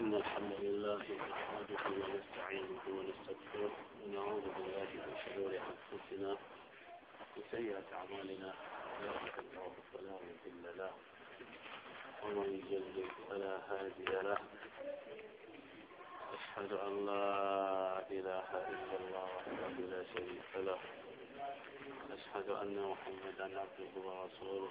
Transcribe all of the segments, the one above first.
إن الحمد لله نحمده ونستعينه ونستغفره ونعوذ بالله من شرور أنفسنا وسيئة أعمالنا لا الله فلا مضل له ومن يضلل فلا هادي له أشهد أن لا إله إلا الله وحده لا شريك له أشهد أن محمدا عبده ورسوله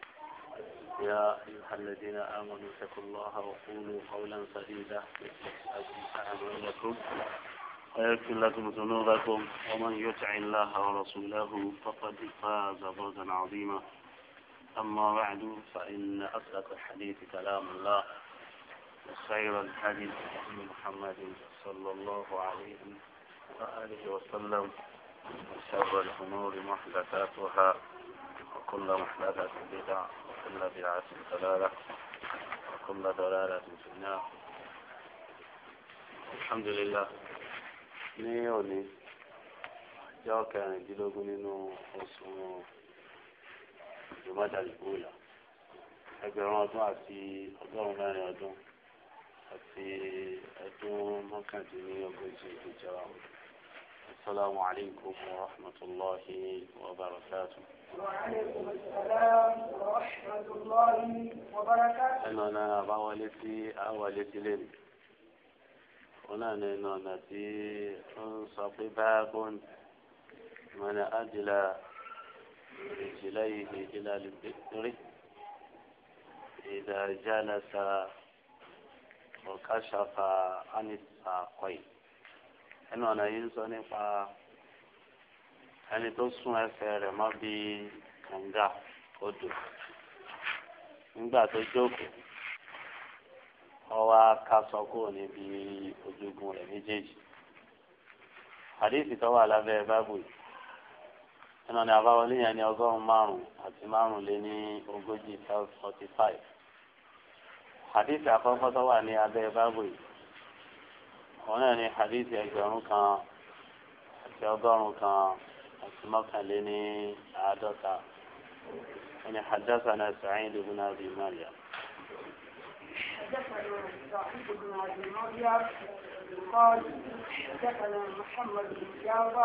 يا أيها الذين آمنوا اتقوا الله وقولوا قولا سديدا لكم ويغفر لكم ذنوبكم ومن يطع الله ورسوله فقد فاز فوزا عظيما أما بعد فإن أصدق الحديث كلام الله وخير الحديث محمد صلى الله عليه وآله وسلم وشر الأمور محدثاتها وكل محدثة بدعة وكل بدعة ضلالة وكل ضلالة في النار الحمد لله ní òní jẹ́ ọ̀kẹrìndínlógún nínú oṣù ìjọmọ́dàlùbọ́ọ̀là ẹgbẹ̀rún ọdún àti ọgọ́rùn-ún mẹ́rin ọdún àti ẹ̀dún mọ́kàndínlógójì ìjọba. Assalamu alaikum wa rahmatullahi wa barakatuh. وعليكم السلام ورحمة الله وبركاته. ẹnu ọ̀nà àbáwọlé tí a wọlé sí lẹ́nu wọn náà ní ẹnu ọ̀nà tí ó ń sọ pé báàbọ̀n من أجل رجليه إلى البئر إذا جلس وكشف عن الساقين ẹnu ọ̀nà yìí ń sọ nípa ẹni tó sún ẹsẹ̀ rẹ̀ mọ́ bí kànga odò nígbà tó jókòó ọwọ́ akásọ kúrò níbi ojúgun rẹ̀ méjèèjì àdéhìí tó wà lábẹ́ báàbò yìí ẹnu ni àbáwọlé yẹn ní ọgọ́rùn-ún márùn-ún àti márùn-ún lé ní ogójì forty five àdéhìí àkọ́kọ́ tó wà ní abẹ́ báàbò yìí òun náà ni àdéhìí ẹgbẹ̀rún kan àti ọgọ́rùn-ún kan. مكاليني عادتا يعني حدثنا سعيد بن أبي مريم حدثنا سعيد بن أبي مريم قال حدثنا محمد بن جابر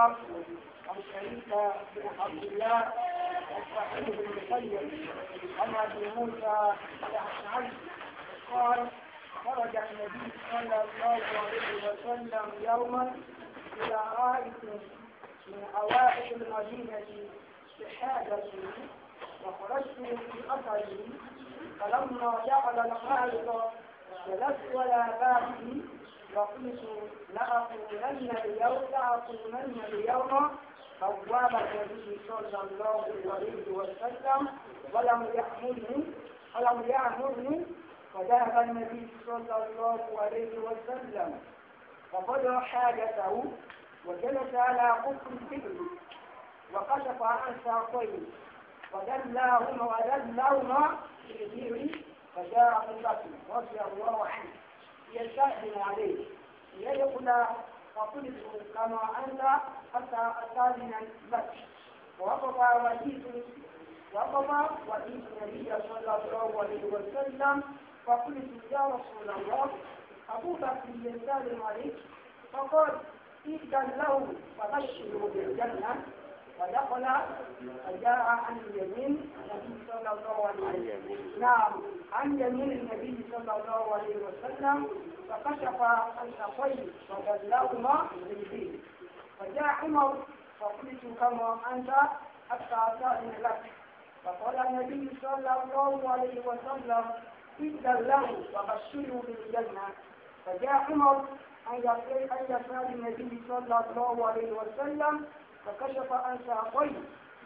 عن شريك بن عبد الله وسعيد بن مسيب عن أبي موسى الأشعري قال خرج النبي صلى الله عليه وسلم يوما إلى عائد من أوائل المدينة بحاجتي وخرجت في أثري فلما جعل الخالق جلست ولا بأسي وقلت لأقولن اليوم لأقولن اليوم بواب النبي صلى الله عليه وسلم ولم يأمرني ولم يأمرني فذهب النبي صلى الله عليه وسلم وقضى حاجته وجلس على قطر الابل وكشف عن ساقيه ودلاهما ودلاهما بالبير فجاء بكر رضي الله عنه يستأذن عليه ليقول فطلب كما انت حتى أستأذن البكر وقضى وليد وقف وليد النبي صلى الله عليه وسلم فقلت يا رسول الله ابو بكر يستأذن عليك فقال إذا له فبشروا بالجنة ودخل فجاء عن يمين النبي صلى الله عليه وسلم نعم عن يمين النبي صلى الله عليه وسلم فكشف عن سقيه فبلغهما بالدين فجاء عمر فقلت كما أنت حتى أتاني لك فقال النبي صلى الله عليه وسلم إذا له فبشروا بالجنة فجاء عمر عن يسار النبي صلى الله عليه وسلم فكشف عن ساقيه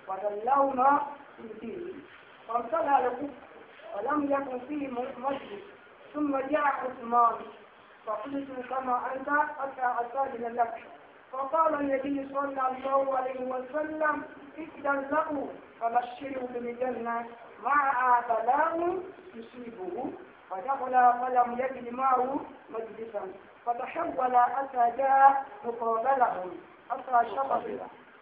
فدلهما بالدين فانطلع يقول ولم يكن فيه مسجد ثم جاء عثمان فقلت كما انت حتى استاذن لك فقال النبي صلى الله عليه وسلم اذن له فبشره بالجنه مع بلاء يصيبه فدخل فلم يجد معه مجلسا فتحول حتى جاء مقابلهم حتى شطب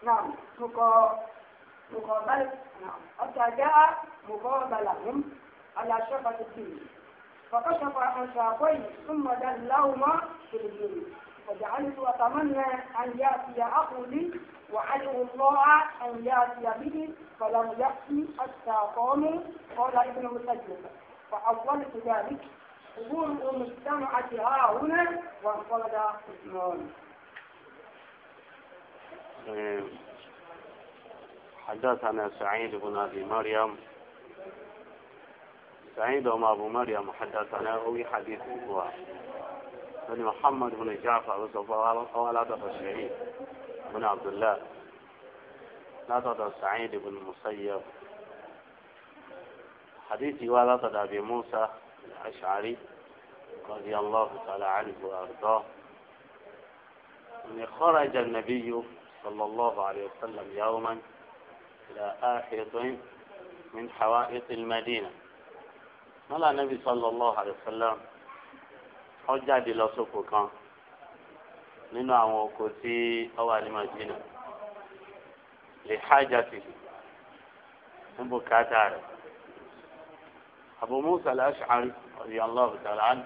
نعم مقابل نعم حتى جاء مقابلهم على شفة الدين فكشف عن ساقيه ثم دلهما في الدين فجعلت أتمنى أن يأتي أخو لي وعلم الله أن يأتي به فلم يأتي حتى قاموا قال ابن مسجد فأولت ذلك قبول المجتمع ها هنا وانفرد اسمعون نعم. حدثنا سعيد بن أبي مريم سعيد وما أبو مريم حدثنا هو حديث هو بن محمد بن جعفر وصفوان ولا الشهيد بن عبد الله لا سعيد بن المسيب حديثي ولا أبي موسى الأشعري رضي الله تعالى عنه وأرضاه أن خرج النبي صلى الله عليه وسلم يوما إلى آحيط من حوائط المدينة ملا النبي صلى الله عليه وسلم حجة إلى lọ sóko kan nínú àwọn oko tí ó wà ní Madina lè bùkátà rẹ̀. أبو موسى الأشعري رضي الله تعالى عنه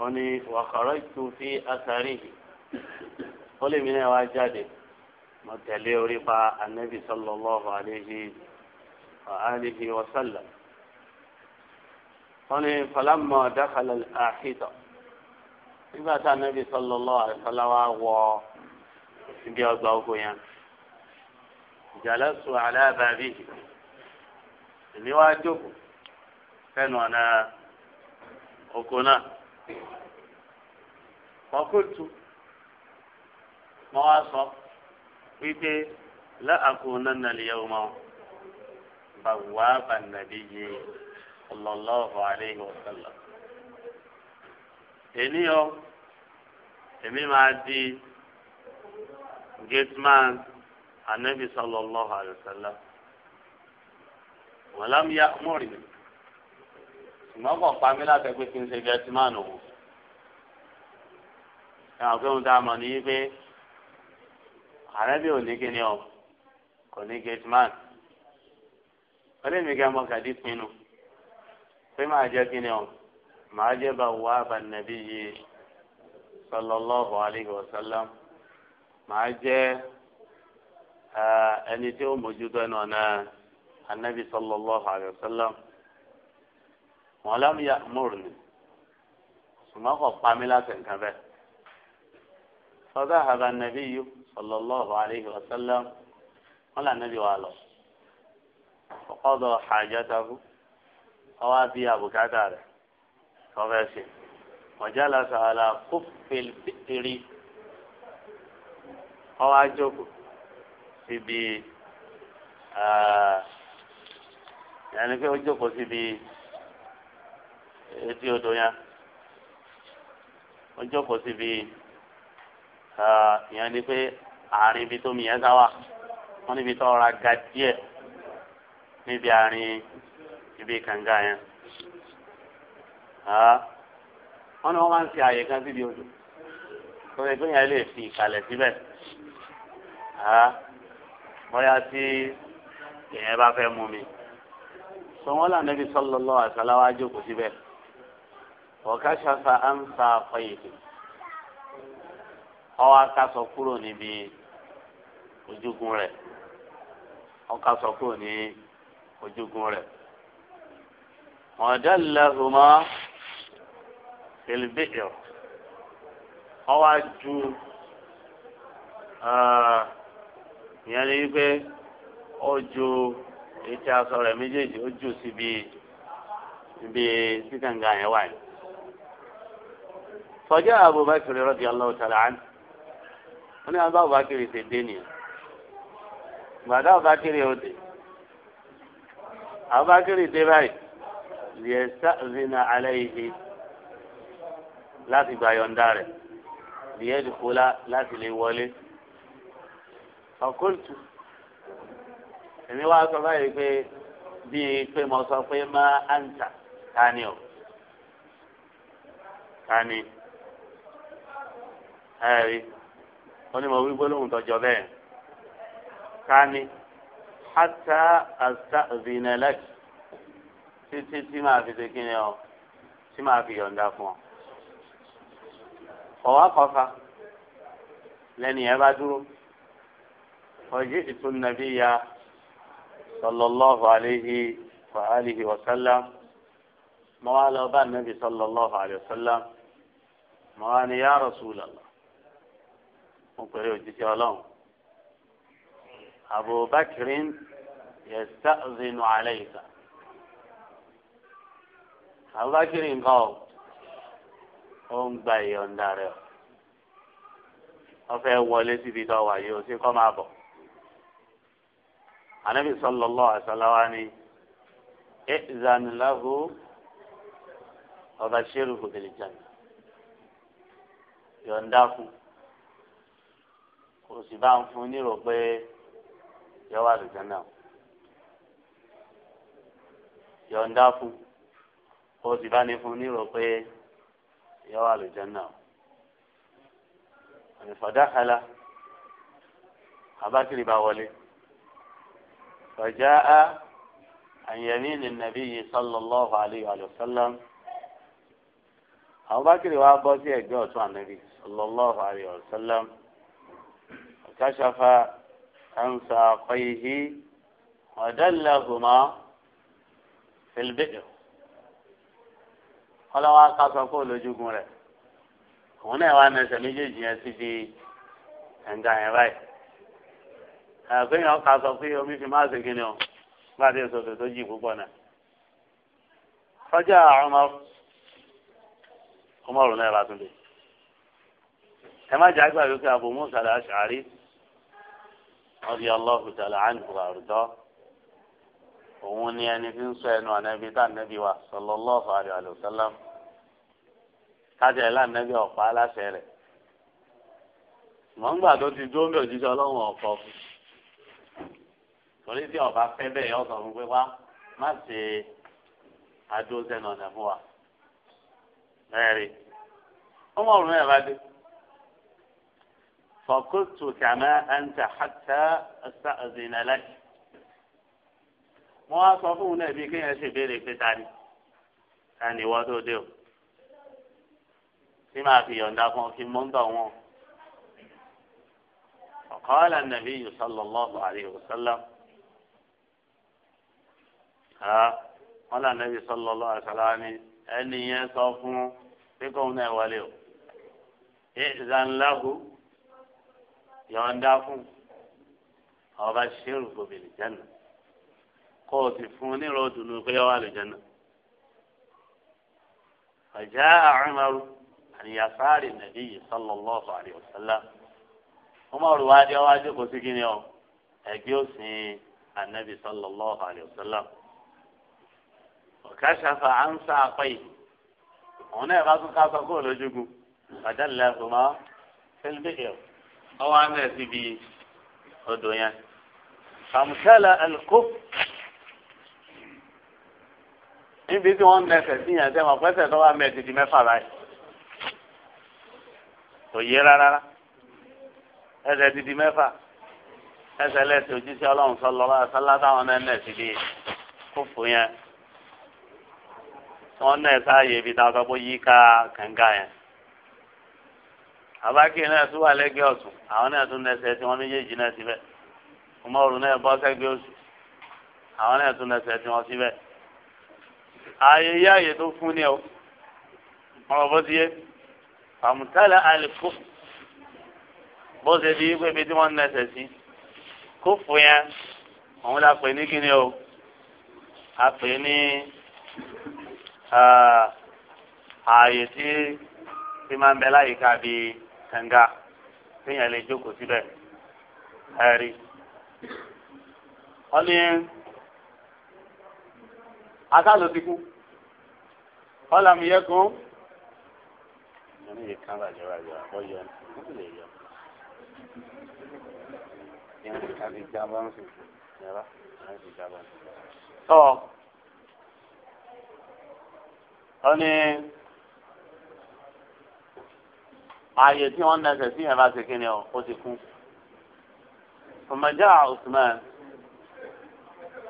هني وخرجت في أثره قل من واجده متلي ربا النبي صلى الله عليه وآله وسلم هني فلما دخل الآحيطة إذا النبي صلى الله عليه وسلم àìsọ́lá wa wọ ibi ọgbà oko yẹn sẹ́nu ọ̀nà oko náà. Fọ́kùtù mọ́ wá sọ wípé láàkó náà nàlẹ́ yẹ̀wò mọ́ bàwá bànàbí yé sallallahu alayhi wa sallam. Èní o, èmi máa di gateman anabi sallallahu alayhi wa sallam. Wọ́n lámúyá ṣùgbọ́n kàn pa mí láti ẹgbẹ́ kí n ṣe gẹ́tì máa nù wò. ẹ̀wọ̀n pé ohun tá a mọ̀ ní pé ààrẹ bí ò ní kíni ọ kò ní gẹ́tì máa nù. ọlẹ́ mi kẹ́ mọ kàdí pinnu pé máa jẹ́ kíni ọ máa jẹ́ bá wà bá nàbí yìí sallallahu alayhi wa sallam máa jẹ́ ẹni tí ó mójútó ẹnu ọ̀nà anabi sallallahu alayhi wa sallam wọn lámìyà mọ́rù ni ṣùgbọ́n kò pa mí láti nǹkan bẹ́ẹ̀. فذهب النبي صلى الله عليه وسلم ولا النبي وعلى فقضى حاجته أوابي أبو كتارة فبشر وجلس على كف البئر أواجهه síbi ẹni pé ó jókòó síbi etí odò yẹn wọ́n jókòó síbi ìyẹn ni pé àárín ibi tó mi yẹn sá wà wọ́n níbi tó ra ga díẹ̀ níbi àárín ibi kànga yẹn wọ́n ní wọ́n máa ń fi àyè kan síbi odò tó yẹ pé yẹn lè fi ìkàlẹ̀ síbẹ̀ bóyá tí èèyàn bá fẹ́ mú mi sọ wọ́n là níbi sallallahu alaihi wasallam jókòó síbẹ̀ ọ̀kàṣàfà á ń fa àfọyèdè ọwọ́ akásọ kúrò níbi ojúgun rẹ̀ ọkásọ kúrò ní ojúgun rẹ̀ ọ̀dàlẹ́hùmọ́ fìlìbìtìr ọwọ́ ju ìyẹn ni wípé ó ju etí aṣọ rẹ̀ méjèèjì ó ju síbi ibi tí kànga yẹn wà yìí sọjá abubakar rọdí aláwòtálá án wọn ni abá abubakar ṣe dé nìyẹn gbàdá abubakar yóò dé abubakar dé báyìí lè sàzínà alẹ́ yìí láti gba yọ̀ǹda rẹ̀ lè yẹ́ dùkúlá láti lè wọlé ọkùnrin èmi wá sọ báyìí pé bíi pé mo sọ pé má àǹtà tani o tani ẹ̀rí wọ́n ní mo wí gbólóhùn tọ́jọ́ bẹ́ẹ̀ kání hátà àṣà zinelek títí tí màá fi ṣe kíni ọ tí màá fi yọ̀ǹda fún ọ. ọ̀wá kọfà lẹ́ni ẹ bá dúró ọjọ́ ìtún nàbí ya sallallahu alayhi wa alihi wa sallam mo lọ bá nàbí sallallahu alayhi wa sallam mo wá ní ya wọn pèrè òjíṣẹ́ ọlọ́run abubakirin yasta'zinu alayka abubakirin nǹkan o ó ń gba ìyọ̀ǹda rẹ o wọ́n fẹ́ wọlé síbi tó wà yìí ó sì kọ́ máa bọ̀ anabi sallallahu alaihi wasallam ni ẹ̀ẹ́dìzánì láhùn ọba ṣẹ́rù kò tẹ̀lé yọ̀ǹda fún kò sì bá ń fún nírò pé yọ wà lùjẹ́ náà yọ̀ǹda fún kò sì bá ní fún nírò pé yọ wà lùjẹ́ náà ìfọ̀dákàlà abákiri bá wọlé fọjá a àyẹ̀mí ni nàbí yìí sallallahu alayhi wa sallam abákiri wa bọ́ sí ẹ̀gbẹ́ ọ̀tún ànábì sallallahu alayhi wa كشف عن ساقيه ودلهما في البئر قال وقص كل جمره هنا وانا سميجي يا سيدي عند عيبي àgbéyàn ká sọ pé omi fi máa ṣe kíni o bá dé sọ̀tò tó jì púpọ̀ náà fọjá Umar Umar náà bá tún lè ẹ má jẹ́ àgbà wípé Abu Musa al-Ash'ari radiyallahu ta'ala anhu àrùtọ́ òun ni ẹni tí ń sọ ẹnu ànábi tá ànábi wa sallallahu alayhi wa sallam kájà ilé ànábi ọ̀pá aláṣẹ rẹ̀ mọ̀ngbà tó ti dúró mi òjíṣẹ́ ọlọ́run ọ̀pọ̀ fún torí tí ọba fẹ́ bẹ́ẹ̀ yọ sọ fún pé wá má ṣe adó sẹ́nu ọ̀nà fún wa bẹ́ẹ̀ rí ọmọ òun náà bá dé. فقلت كما أنت حتى أستأذن لك مواصفون بك يا شبيري في تاني تاني وادو ديو فيما في يندافون في منطقة فقال النبي صلى الله عليه وسلم ها قال النبي صلى الله عليه وسلم أني يصفون بكم نواليو إذن له yọ̀ǹda fún ọba ṣẹ́rù gbòmìnì jẹ́nà kó o sì fún un ní ìrọ̀dùnú pé ọwọ́ àlùjẹ́nà. ọ̀já àrùnmọ́rù àníyàsáàrì nàbí yìí sallallahu alaihi wasallam ọmọọ̀rù wa dé ọwájú kò sí kíni ọ ẹgbẹ́ òsìn ànábì sallallahu alaihi wasallam. ọ̀kàṣàfà à ń sá apá yìí bá tún ká sọ kó o lójúgun bàdá lẹ́fọ̀mọ́ fẹ́lẹ́ bẹ́ẹ̀ ọwọ́ amẹ́ síbi odò yẹn. àmùkálà ẹ̀lùkó níbi tí wọ́n ń mẹsẹ̀ sí yẹn sẹ́wọ̀n pẹ́sẹ̀ tó wà mẹ́ ti di mẹ́fà báyìí kò yé rárá ẹsẹ̀ ti di mẹ́fà ẹsẹ̀ lẹ́sẹ̀ òjíṣẹ́ ọlọ́run sọlọ sọlá táwọn náà mẹ́ síbi kófò yẹn wọ́n náà sáàyè ibi táwọn sọ pé yíká kànga yẹn abáké náà tún wà lẹ́gbẹ̀ẹ́ ọ̀tún àwọn náà tún nẹsẹ̀ tí wọ́n méjèèjì náà síbẹ̀ umaru náà bọ́ sẹ́gbẹ̀ẹ́ oṣù àwọn náà tún nẹsẹ̀ tí wọ́n síbẹ̀. ààyè yá àyè tó fún ni o ọmọ bó ti yé fàmùtálà àlìkò bó ṣe di pé ibi tí wọ́n nẹsẹ̀ sí kó fún yẹn òun la pè ní kíni o a pè ní ààyè tí fi máa ń bẹ láyìíká bíi kànga téèyàn lè jókòó síbẹ̀ ẹ̀rí. wọ́n ní asálò ti kú wọ́n làm yẹ kó. wọ́n ní ìkan bàjẹ́ bàjẹ́ àbọ̀ yọ wọ́n sì lè yọ. Tọ́ ọ ní ààyè tí wọ́n nẹsẹ̀ sí yẹn bá ṣe kí ni ọ ó ti kú. fòmọjá usman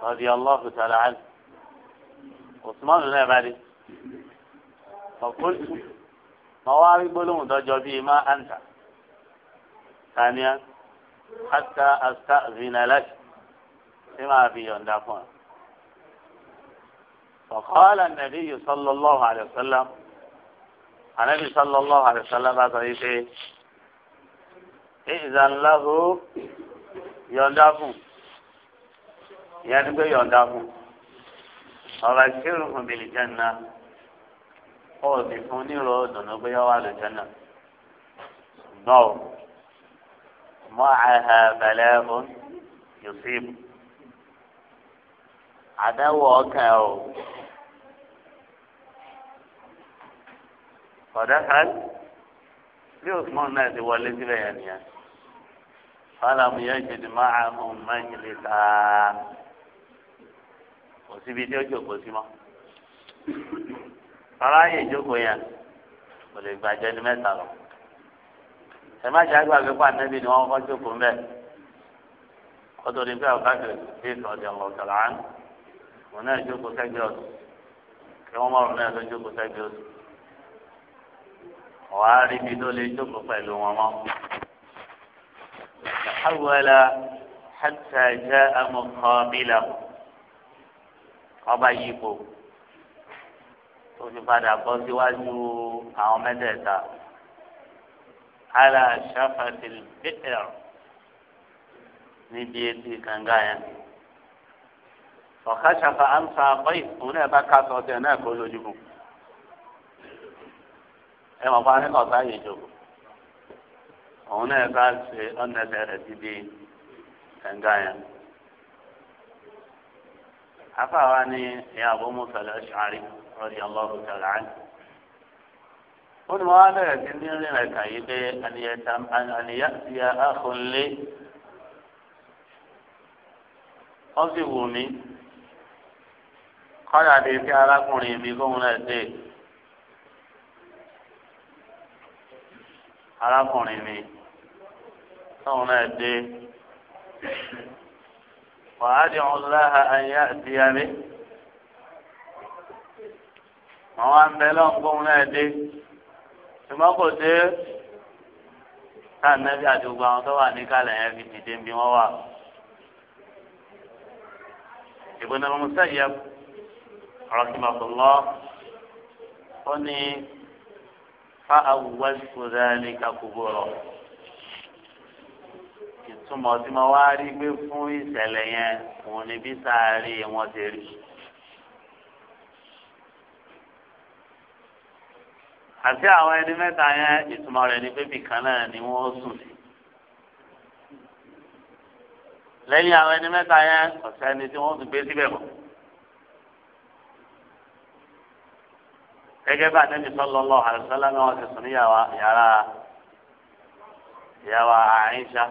radiyallahu ta'ala anhu usman náà bá dé ọkùnrin mọ wá rí gbólóhùn tọjọ bíi má àǹtà tania hatta asta'zina lak ṣé máa fi yọ̀ǹda fún ọ. فقال النبي صلى الله عليه وسلم anabi sallallahu alayhi wa sallam bá sọ yìí pé ìzànláhó yọ̀ǹda fún ìyá ni pé yọ̀ǹda fún ọ̀rọ̀ ìṣirò fún bìlì jẹ́nà ọ̀sìn fún nírò dùnú pé yọ̀wá lè jẹ́nà náà mọ́ àhà bẹ̀lẹ́ fún yusuf àdáwọ̀ ọkàn ọ̀. ọ̀dà kan bí Usman náà ti wọlé síbẹ̀ yẹn nìyẹn fàlàmù yẹn jẹ̀dì máa hàn máyìlì sáà kò síbi tí ó jókòó sí mọ́ rárá yẹ ìjókòó yẹn kò lè gbàjẹ́ ní mẹ́ta lọ ẹ má ṣe àgbàgbé pa nẹ́bí ni wọ́n kọ́ ọ̀wá rí mi tó lè jókòó pẹ̀lú wọn mọ́. Àwọ̀lá hàtà jẹ́ amọ̀kọ́ mílà ọba yípo tó fi padà bọ́ síwájú àwọn mẹ́tẹ̀ẹ̀ta. Àlà ṣàfàtìl bẹ́ẹ̀rù níbi etí kànga yẹn. Ọ̀kàṣàfà àǹsà àpọ̀ ìfún náà bá ká sọ̀tẹ̀ náà kó lójú bùn ẹ mọ̀ fún akẹ́kọ̀ọ́ sáyé ìjòkó òun náà bá ṣe ọ̀nà ẹsẹ̀ rẹ̀ síbi ẹ̀ǹgá yẹn. afáwa ni ìyá Abu Musa al-Ash'ari radiyallahu ta'ala anhu. ó ní wọ́n á bẹ̀rẹ̀ sí ní rìn ẹ̀ka yìí pé àníyá ti àkùnlé wọ́n sì wù mí kọ́dà dé sí arákùnrin mi kóhun náà dé. arákùnrin mi tóun náà dé wàhálì ọ̀láha ayé àti yàrá àwọn abẹ́lẹ́ ọ̀gbọ́n náà dé ṣùgbọ́n kò dé káàmẹ́bí àdúgbò àwọn tó wà níkàlẹ̀ yẹn fi dìde bí wọ́n wà. ìbùdó ọmọ sẹ́yẹ rọ̀kìmọ̀tò lọ ó ní fa awùwẹ́sù rẹ́ni kakúgbòrò ìtumọ̀ tí mo wá rí gbé fún ìṣẹ̀lẹ̀ yẹn òun ni bí sáré wọn ti rí. àti àwọn ẹni mẹ́ta yẹn ìtumọ̀ rẹ̀ ni pé bìkan náà ni wọ́n sùn sí. lẹ́yìn àwọn ẹni mẹ́ta yẹn ọ̀sẹ̀ ni tí wọ́n tún gbé síbẹ̀ mọ́. gẹ́gẹ́ bá àdébí sọlọ́lọ́ àlùsọ́lá náà ti sùn níyàwó yàrá yàrá àyíṣà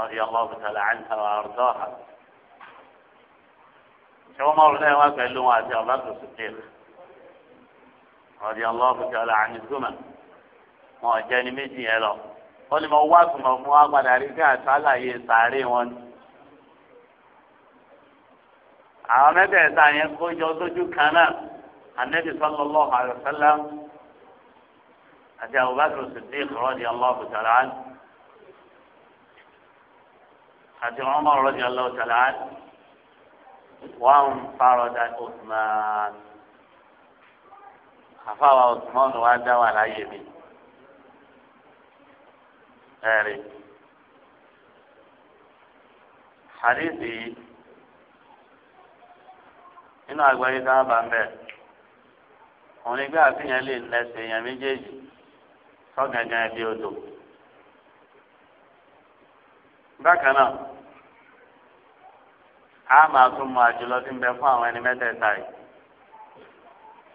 ọ̀dí ọlọ́ọ̀bù tẹ̀lé àyíṣà wà ọ̀dọ́ ha. ṣé wọ́n máa rúdẹ́ wá pẹ̀lú wọn àti ọ̀bá tó sì kéèrè ọ̀dí ọlọ́ọ̀bù tẹ̀lé àyíṣà wọn ọ̀jẹ́ ni méjì yẹn lọ. wọ́n ní mo wá sùnmọ̀ fún wa padà rí bí àtàlàyé sàárè wọn àwọn mẹ́tẹ̀ẹ̀ta yẹn kó anabi sallallahu alayhi wa sallam àti abubakar siddiq radiyallahu ta'ala anhu àti umar radiyallahu ta'ala anhu wọn farada usman àfàwà usman wa dá wà láyé mi ẹ̀rí hadithi inú àgbáyé dáhà bá ń bẹ́ẹ̀ ọkùnrin gbé àfihàn lè lẹsẹ èèyàn méjèèjì sọgàngàn ẹbí odò bákan náà a máa tún mọ àjùlọ tí ń bẹ fún àwọn ẹni mẹ́tẹ̀ẹ̀ta yìí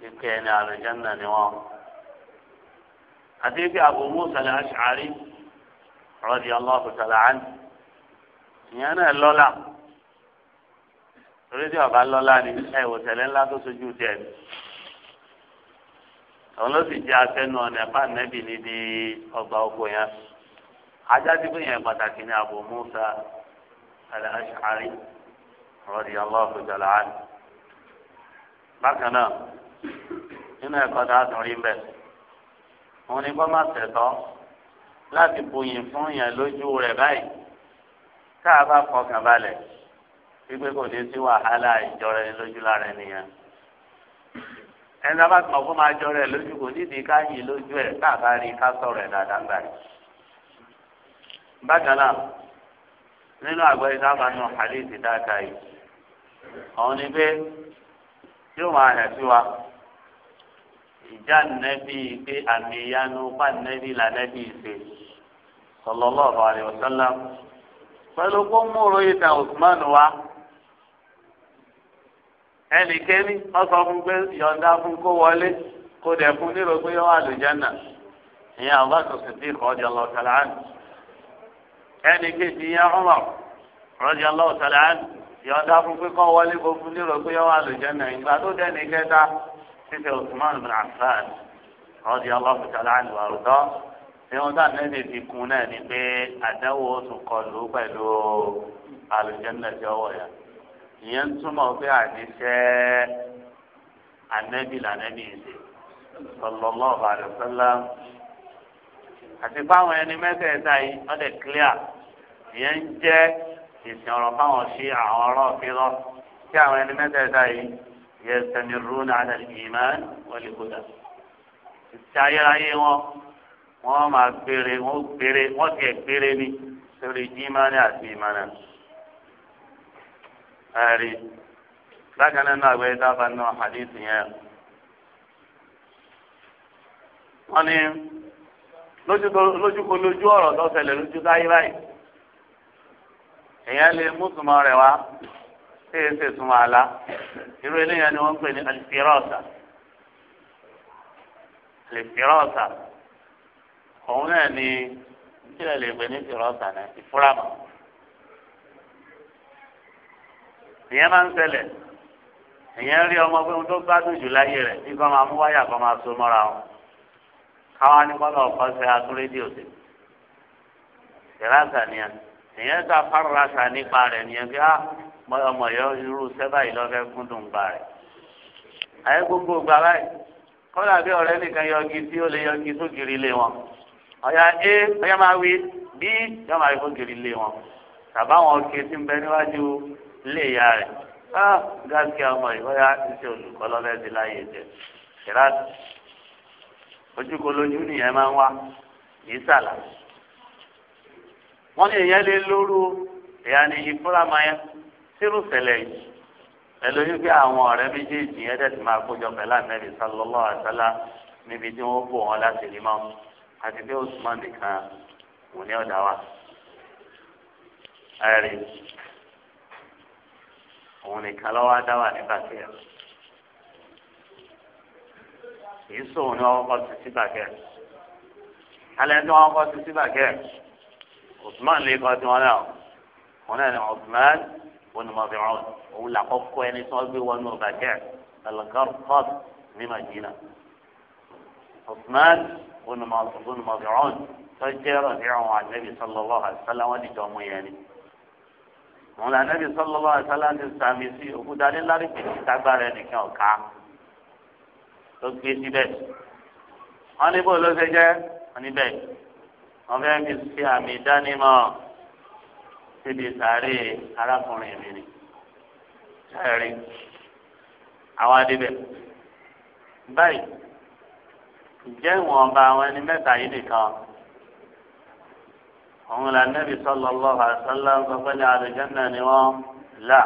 ike ẹni àlùjànnà ni wọn àti ike Abu Musa al-Ash'ari radiyallahu ta'ala anhu ìyẹn náà lọ́la torí tí ọba lọ́la ni ẹ wò tẹ̀lé ńlá tó sojú tiẹ̀ ni àwọn ló sì jẹ́ afẹ́nu ọ̀nà ẹ̀fà nẹ́bì níbi ọgbà oko yẹn ajá tí pé yẹn pàtàkì ní Abu Musa al-Ash'ari radiyallahu ta'ala anhu bákan náà nínú ẹ̀kọ́ tá a tún rí bẹ́ẹ̀ òun ni bọ́mà tẹ̀tọ́ láti buyìn fún yẹn lójú rẹ̀ báyìí ká bá fọkàn balẹ̀ wípé kò ní sí wàhálà ìjọra ẹni lójú lára ẹni yẹn. ẹni abá kan fún máa jọrọ ẹ lójú kò nídìí ká yìn lójú ẹ káàbá rí ká ẹ dáadáa gbà rí. bákan náà nínú àgbẹ̀ ìdáàbà náà àdéhìí dáadáa yìí àwọn ni pé yóò máa sí wa ìjà nẹ́bí pé àmì ìyanu pa nẹ́bí là nẹ́bí ṣe pẹ̀lú wa. ẹnìkẹ́ni ọsọ fún pé yọ̀ǹda fún kó wọlé kó dẹ̀ fún nílò pé yọ àlùjáná ìyẹn Abubakar Siddiq radiyallahu ta'ala anhu ẹnìkejì ìyẹn Umar radiyallahu ta'ala anhu yọ̀ǹda fún pé kó wọlé kó fún nílò pé yọ àlùjáná ìgbà tó dẹ̀ ní kẹta títí Usman bin Affan radiyallahu ta'ala anhu àrùtọ́ ìwọ̀n tá nẹ́ẹ̀dẹ̀ fi kún náà ni pé àdáwò tún kọlù pẹ̀lú àlùjáná tí ọwọ́ yẹn ìyẹn ń túmọ̀ pé àníṣẹ́ anẹ́bí lànẹ́bí ìṣe sallallahu alaihi wasallam àti fáwọn ẹni mẹ́tẹ̀ẹ̀ta yìí wọ́n dẹ̀ clear ìyẹn ń jẹ́ ìsìn ọ̀rọ̀ fáwọn sí àwọn ọ̀rọ̀ fírọ́ tí àwọn ẹni mẹ́tẹ̀ẹ̀ta yìí yẹ sẹ́mi rúnà àdàlì ìmán wọlé kódà ìtì ayérayé wọn wọ́n máa gbére wọ́n gbére wọ́n tiẹ̀ gbére ni sórí jímánì àti ìmánà. Ari, bákan náà náà wẹ́ẹ́ dábàá yẹn. wọ́n ní lójú ọ̀rọ̀ lójú táyé báyìí èèyàn lè mú rẹ̀ wá tí àlá irú eléyàn ni wọ́n ń pè ní òun náà ni lè pè ní náà ìfúramọ̀. ìyẹn máa ń ṣẹlẹ̀ ìyẹn rí ọmọ pé ohun tó gbádùn jù láyé rẹ̀ bí kò máa mú wáyà kò máa so mọ́ra wọn káwọn ní kọ́lọ̀ ọ̀kọ́ ṣe atún rédíò sí ìránṣà nìyẹn ìyẹn ta fáránṣà nípa rẹ̀ nìyẹn bí ah, ọmọ yọ irú sẹ́bà yìí lọ́fẹ́ kúndùn gbà rẹ̀ àyè gbogbo gbà báyìí kọ́lá bí ọ̀rẹ́ nìkan yọgi tí ó lè yọgi sógiri lé wọn ọ̀yà a ọ̀yà máa wí b yọ máa wí sógiri lé wọn tàbá wọn kì ti ń bẹ níwájú ilé ìyá rẹ̀ á gáàsì ọmọ ìwọ́yà iṣẹ́ olùkọ́ lọ́lẹ́ ti láyé jẹ kìláàsì ojúkọ lójú nìyẹn máa ń wá ìsàlà wọ́n ní èèyàn lé lóru ìyá ni ìfúramayẹ sírù sẹlẹ̀ yìí pẹ̀lú wípé àwọn ọ̀rẹ́ méjèèjì yẹn dẹ̀ ti máa kójọ pẹ̀lú àmẹ́rì sálọ́lọ́ àṣálá níbi tí wọ́n bò wọn láti rí mọ́ àti pé Usman nìkan kò ní ọ̀dà òun nìkan lọ́wọ́ á dá wà nígbà tí ẹ̀ kìí sóun ní ọkọ̀ sí síbàkẹ́ alẹ́ ní ọkọ̀ sí síbàkẹ́ Usman lè kọ́ sí wọn náà wọn náà ní Usman onímọ̀fẹ́ràn òun làkọ́kọ́ ẹni tí wọ́n gbé wọnú bàkẹ́ alakọ́rọ́t ní Madina Usman onímọ̀fẹ́ràn tó jẹ́ rọ̀dí àwọn ànábì sallallahu alaihi wasallam wọ́n dìjọ́ mú yẹn ni àwọn ànábì sọlọ́lọ́ àṣálá ti sàmì sí òkúta níláàrí pèsè tágbára ẹnìkan ọ̀ka tó gbé síbẹ̀. wọ́n ní bó ló ṣe jẹ́ wọ́n níbẹ̀ wọ́n fẹ́ fi ṣe àmì ìdánimọ̀ síbi sàárè arákùnrin mi ni. ẹ̀rí àwọn adébẹ̀ báyìí ìjẹ́ ìwọ̀nba àwọn ẹni mẹ́ta yìí nìkan òun là nẹ́bí sallallahu alaihi wasallam ní àlùjànnà ni wọ́n là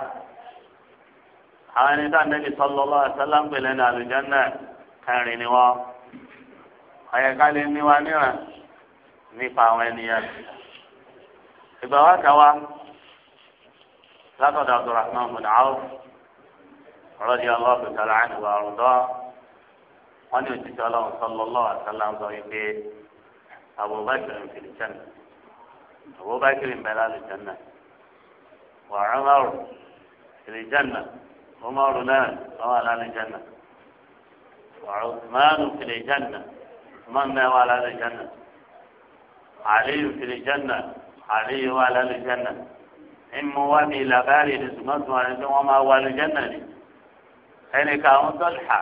àwọn ẹni tá nẹ́bí sallallahu alaihi wasallam pẹ̀lẹ́ ní àlùjànnà kẹrin ni wọ́n àyẹ̀kálẹ̀ ní wa níran nípa àwọn ènìyàn ìgbà wa kà wá látọ̀dọ̀ abdulrahman bin awf radiyallahu ta'ala anhu wa arda wọn ni òjijì ọlọ́run sallallahu alaihi wasallam sọ wípé abubakar ń fil janna abubakar ń bẹ lálùjánnà wà ọmọrù ìlìjánnà ọmọrù náà ọmọ lálùjánnà wà ọmọrù ìlìjánnà ọmọrù náà wà lálùjánnà àlíyù ìlìjánnà àlíyù wà lálùjánnà ìmú wa ní ìlàbáyé ní tùmọ̀tùmọ̀ àti tí wọ́n máa wà lálùjánnà ni ẹnì kan àwọn tọ́lá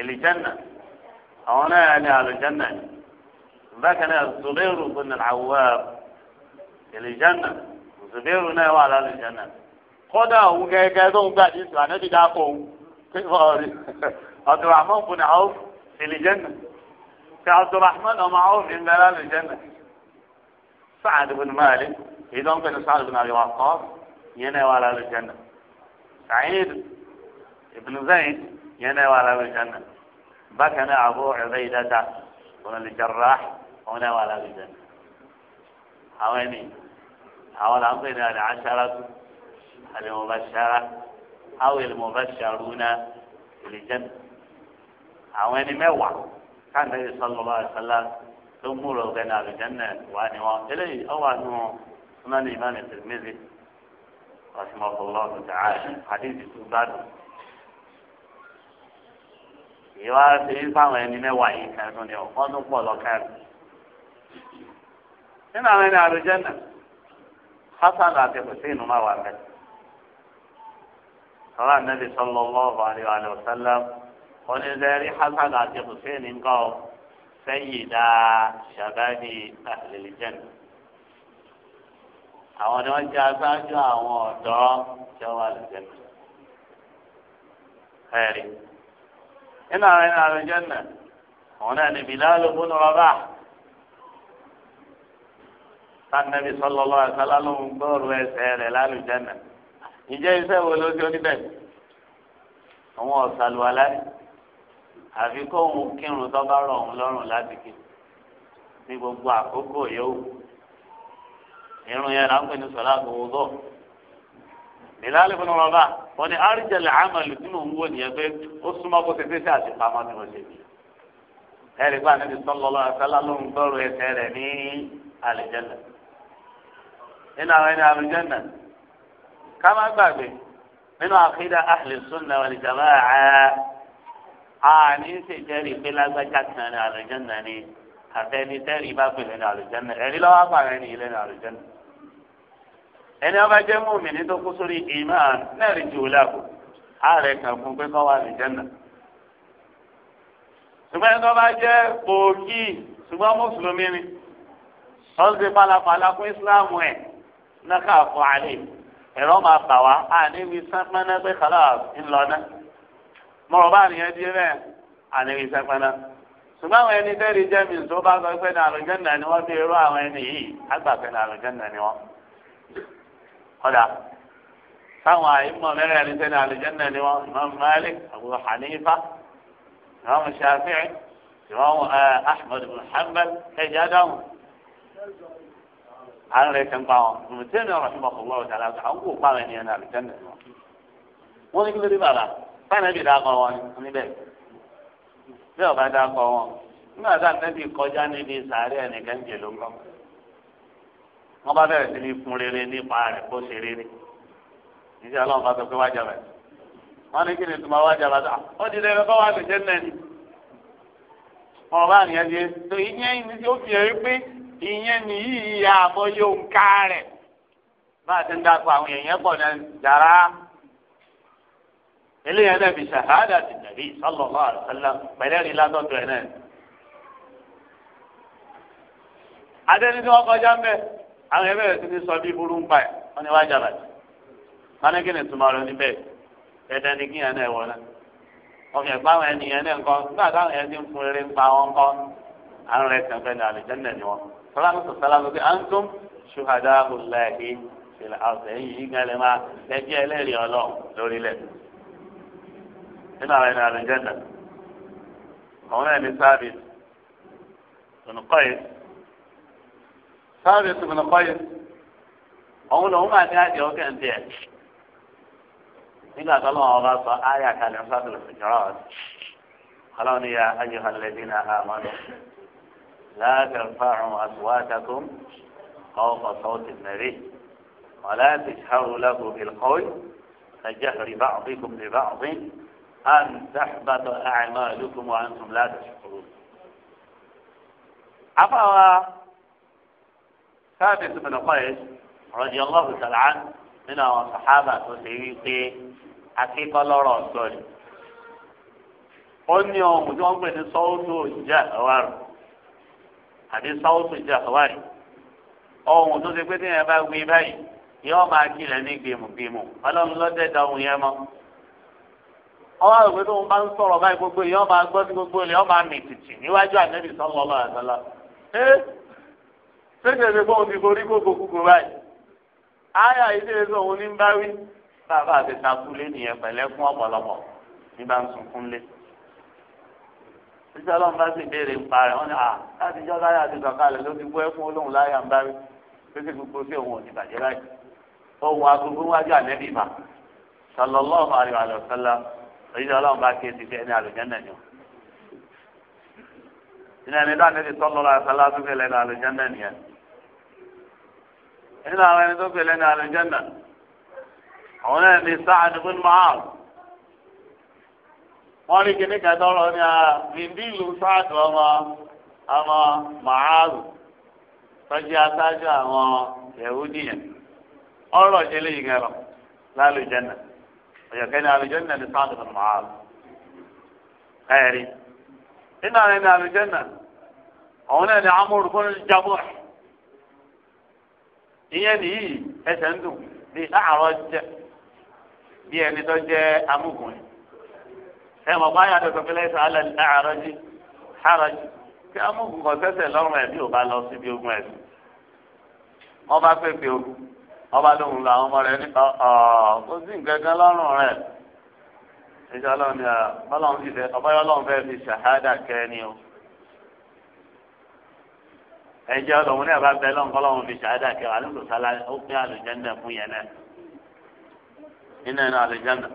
ìlìjánnà àwọn náà ní àlùjánnà ni bákan náà zubairu bin ìlìjánà zubairu náà wà lálùjánà kódà òun gẹ́gẹ́ tó ń gbà jísù ànábì dáko òun pé ọ̀rẹ́ abdulrahman bùn àwọn ìlìjánà tí abdulrahman ọmọ àwọn òfin bẹ lálùjánà sáàd bùn máàlì èyí tó ń pè ní sáàd bùn àbí wà kọ́ yẹn náà wà lálùjánà sàyìn ibùn zayin yẹn náà wà lálùjánà bákan náà àbú ẹ̀rẹ́ ìdáta òun lè jẹrọ àwọn náà wà lálùjánà àwọn ẹni. àwọn là ń pè ní àlẹ aṣáratu àlẹ mubashara àwọn èlè mubasharuna èlè jẹnu àwọn ẹni mẹ́wàá káńtà yìí sọlọ bá ṣẹlá tó múrò ọgbẹ náà àlùjẹnà wà ní wọn eléyìí ọwọ àánú sunan imam tirmidhi rahimahullahu ta'ala hadithi tó gbádùn ìwà ṣe ń fáwọn ẹni mẹ́wàá yìí kan tó ní ọ wọn tún pọ̀ lọ́kàn nínú àwọn ẹni hasan àti hussein máa wà bẹ́ẹ̀. sọlá nàbì sallallahu alaihi wa sallam onídẹ́rì hasan àti hussein ń kọ́ sayyida shababi ahlil janna. àwọn ni wọ́n jẹ́ aṣáájú àwọn ọ̀dọ́ tí wọ́n wà nínú àwọn ẹni àlùjẹ́nà òun náà ni Bilal ibn Rabah sanabi sọlọlọ asalamu gbọọrọ ẹsẹ̀ rẹ̀ lálùjáná ìjẹ iṣẹ́ wo ló ti oníbẹ àwọn ọsàlùwalá àfi kó òun kírun tọba rọ òun lọ́rùn láti kí ní gbogbo àkókò yòówù irun yẹn là ń pè ní sọlá gbogbo bọ ìlàlẹ́ fún ọba wọn ni àríjẹlẹ àmàlù tí mò ń wò nìyẹn pé ó súnmọ́ kó ti fẹsẹ̀ àti pamọ́ tí mo ṣe bí ẹ̀rí pa níbi sọlọ́lọ́ asálálóhùn gbọ́rọ̀ ẹsẹ̀ rẹ̀ ní àlìjẹ́lẹ̀ nínú àwọn ẹni àlùjànnà ká má gbàgbé nínú àkídà ahli sunna wal jamaa àní ṣèjẹ́rì pé lágbájá kan ní àlùjànnà ni àtẹni tẹ́rì bá pè lẹ́nu àlùjànnà ẹ̀rí lọ́wọ́ àpàrẹ ní ilẹ̀ ní àlùjànnà ẹni ọba jẹ́ mùmínì tó kú sórí ìmáà náà rí ju láàbò ààrẹ kan fún pé kọ́ wà àlùjànnà ṣùgbọ́n ẹni ọba jẹ́ pòókì ṣùgbọ́n mùsùlùmí ni wọ́n ti fún ìsìláàmù ẹ̀ náka àfọ àlè ẹ̀rọ máa bà wá àníwí sẹ́pẹ́nẹ́ pé kàlá ńlọ́nà mọ̀rọ̀ bá nìyẹn di bẹ́ẹ̀ àníwí sẹ́pẹ́nẹ́ ṣùgbọ́n àwọn ẹni tẹ́lẹ̀ rí jẹ́mi tó bá sọ pé ní àlùjànnà ni wọ́n fi rú àwọn ẹni yìí àgbàfẹ́ ní àlùjànnà ni wọ́n. kọ́dà táwọn àìmọ̀ mẹ́rin ẹni tẹ́lẹ̀ àlùjànnà ni wọ́n Imam Malik Abu Hanifa Imam Shafi'i Imam Ahmad bin ẹ̀jẹ̀ adáhùn à ń rẹ̀ kẹ́ńpá wọn mùtẹ́ẹ̀mì ọ̀rọ̀ ṣùgbọ́n kò lọ́wọ́ ṣàlá àwọn kò pa àwọn ènìyàn náà àlùjẹ́ nìyẹn wọ́n ní kí ló dé bàbá fáìnà ìbí dáa kọ́ wọn níbẹ̀ bí ọ̀bá dáa kọ́ wọn nígbà tá à ń tẹ́tì kọjá níbi sàárẹ̀ ẹnìkan jè ló ń kọ́ wọ́n bá bẹ̀rẹ̀ sí ní fún rere nípa rẹ̀ kó ṣe rere ìṣe ọlọ́run bá sọ pé wájà bàtà wọ́n ní kí ni tuma wájà bàtà ó di lẹ́yìn kọ́ wá àlùjẹ́ nìyẹn ọ̀rọ̀ bá nìyẹn ti tó ìyẹn ìdí tí ó fi hàn pé ìyẹn nìyí ìyá àmọye òǹkà rẹ̀ bá a ti ń dapò àwọn èèyàn pọ̀ náà dára eléyàn náà fi ṣàhádà ti nàbí sallallahu alaihi wasallam pẹ̀lẹ́rì látọ̀dọ̀ ẹ̀ náà. adẹ́ni tí wọ́n kọjá ń bẹ̀ àwọn ẹgbẹ́ rẹ̀ ti ní sọ bí burú ń pa ẹ̀ wọ́n ní wájà bàjẹ́ wọ́n kí ni tùmọ̀ rẹ̀ níbẹ̀ ẹ̀dẹ́ ni kíyàn náà wọ̀ náà. ọ̀fìn ẹ̀pá àwọn pa wọn kọ́ àrùn rẹ̀ kàn fẹ́ẹ́ ní àlùjánnà ni wọn. sọlámi sọ sálámi pé antum ṣuhadaahu lahi ṣẹlẹ̀ àwùjọ yìí yìí gan lè máa lẹ́jẹ́ ẹlẹ́rìí ọlọ́run lórílẹ̀. nínú àwọn ẹni àlùjánnà àwọn ẹni sábìs tùnùkọ́yì sábìs tùnùkọ́yì òun lòun máa ní àjẹ́ ọkẹ́ ń tiẹ̀ nígbà tó lọ́wọ́ bá sọ ayé àkàlẹ̀ ń ìjọ́rọ̀ ọ̀dọ̀ لا ترفعوا أصواتكم فوق صوت النبي ولا تجهروا له بالقول كجهر بعضكم لبعض أن تحبط أعمالكم وأنتم لا تشكرون عفوا ثابت بن قيس رضي الله تعالى عنه من الصحابة تسيوي حقيقة لرسول ó ní ọmọ tí wọ́n pè àbí sáwùsù jẹ àwárí ohun tó ṣe pé tí yẹn bá wí báyìí yóò máa kílẹ̀ ní gbèmùgbèmù ọlọ́run lọ́dẹ̀ da ohun yẹn mọ́ ọwọ́ àwọn ìwé tó ń bá ń sọ̀rọ̀ báyìí gbogbo yìí wọ́n máa gbọ́ sí gbogbo ilé wọ́n máa mì tìtì níwájú ànábì sọ́lọ́ lọ́wọ́ àtàlà ẹ́ ṣéṣe ṣe gbóhùn ti borí gbogbo gbogbo báyìí àyà yìí ṣe ṣe òun ní báwí bàbá àti takú lé nìyẹn pẹ̀lẹ́ fún ọ̀pọ̀lọpọ̀ títí ọlọ́run bá sì béèrè ń pa rẹ̀ wọ́n ní à láti jọ́ láyà àti sọ̀kalẹ̀ ló ti bú ẹ́ fún olóhùn láyà ń bárí títí gbogbo sí òun ò ní bàjẹ́ báyìí ohun agogo wájú ànẹ́bí mà sallallahu alaihi wa sallam èyí ni ọlọ́run bá ké ti fi ẹni àlùjànnà ni o ìní ẹni dá ànẹ́bí sallallahu alaihi wa sallam tó fi lẹ́nu àlùjànnà nìyẹn nínú àwọn ẹni tó fi lẹ́nu àlùjànnà àwọn ẹni sáà ni wọ́n rí kíní kẹtọ́rọ̀ ní a bìndínlù sáàdù ọmọ ọmọ màálù tọ́jú aṣáájú àwọn yahudi yẹn ọ̀rọ̀ ìṣẹ̀lẹ̀ yìí kẹrọ lálùjẹ́nà ọ̀yọ̀kẹ́ni àlùjẹ́nà ní sáàdù ọmọ màálù ẹ̀rí nínú àwọn ẹni àlùjẹ́nà òun náà ni amúrú fún jábọ̀ ìyẹn nìyí ẹsẹ̀ ń dùn bí àárọ̀ jẹ bí ẹni tó jẹ́ amúgùn yìí ẹ mọ̀ báyà tó sọfẹ́ lẹ́sẹ̀ alẹ́ àrọ́jì àrọ́jì kí amóhùn kan sẹ́sẹ̀ lọ́rùn ẹ̀ bí ò bá lọ síbi ogun ẹ̀ sí. wọ́n bá pèpè o wọ́n bá lóhùn lọ àwọn ọmọ rẹ̀ ní kò sí nǹkan kan lọ́rùn rẹ̀. ìṣe ọlọ́run ni ọlọ́run ti fẹ́ ọbáyọ ọlọ́run ẹ jẹ́ ọlọ́run ní àbá bẹ́ẹ̀ lọ́nkọ́ ọlọ́run fi ṣàhádà kẹ́ sálá ó pín àlùjànnà fún yẹn náà nínú àlùjànnà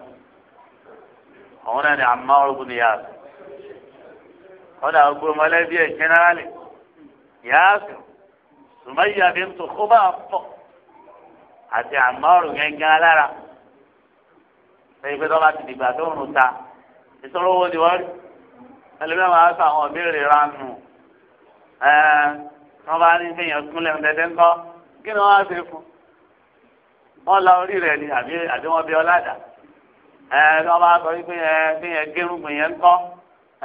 àwọn náà ni Ammar ibn Yasir kọ́dà gbogbo mọ̀lẹ́bí ẹ̀ jẹ́nẹ́rálì Yasir Sumayya bintu Khubab pọ̀ àti Ammar gẹ́gẹ́ alára lẹ́yìn pé tọ́ba ti dìgbà tó ń ta ìṣòro wo ni wọ́n rí ẹlẹ́mìíràn máa ń sọ àwọn ìbéèrè ránù ẹ̀ẹ́ wọn bá ní kéèyàn kúnlẹ̀ ńdẹ́dẹ́ ńkọ́ kí ni wọ́n á ṣe fún wọn la orí rẹ̀ ni àbí àbí wọn bí ọládàá ẹ ní wọn bá sọ wípé ẹ kéèyàn gérúgbìn yẹn ńkọ́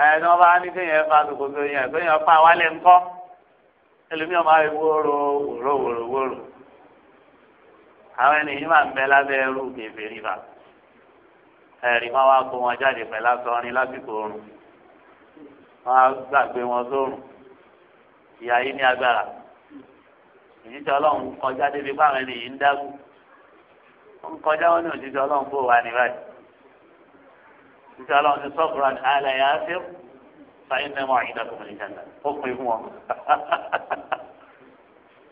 ẹ ní wọn bá ní kéèyàn fa tòkòtò yẹn fa wálé ńkọ́ ẹlòmíràn máa fi wóró wóró wóró wóró àwọn ènìyàn máa ń bẹ lábẹ́ ẹrú kèfèrí bá ẹ̀rí máa wá kó wọn jáde pẹ̀lú asọrin lásìkò oorun wọn á gbàgbé wọn sórun ìyá yìí ní agbára òjíṣẹ́ ọlọ́run kọjá débi pé ènìyàn ń dágùn ó ń kọjá wọn ní òjíṣẹ́ ọlọ́run kó wà ní báyìí ìṣe aláwọ̀ ti sọ́kùnrin àti àlẹ́ yà á fi fàyín àyíká kò mọ̀ ní jẹ́nà ó pè fún wọn.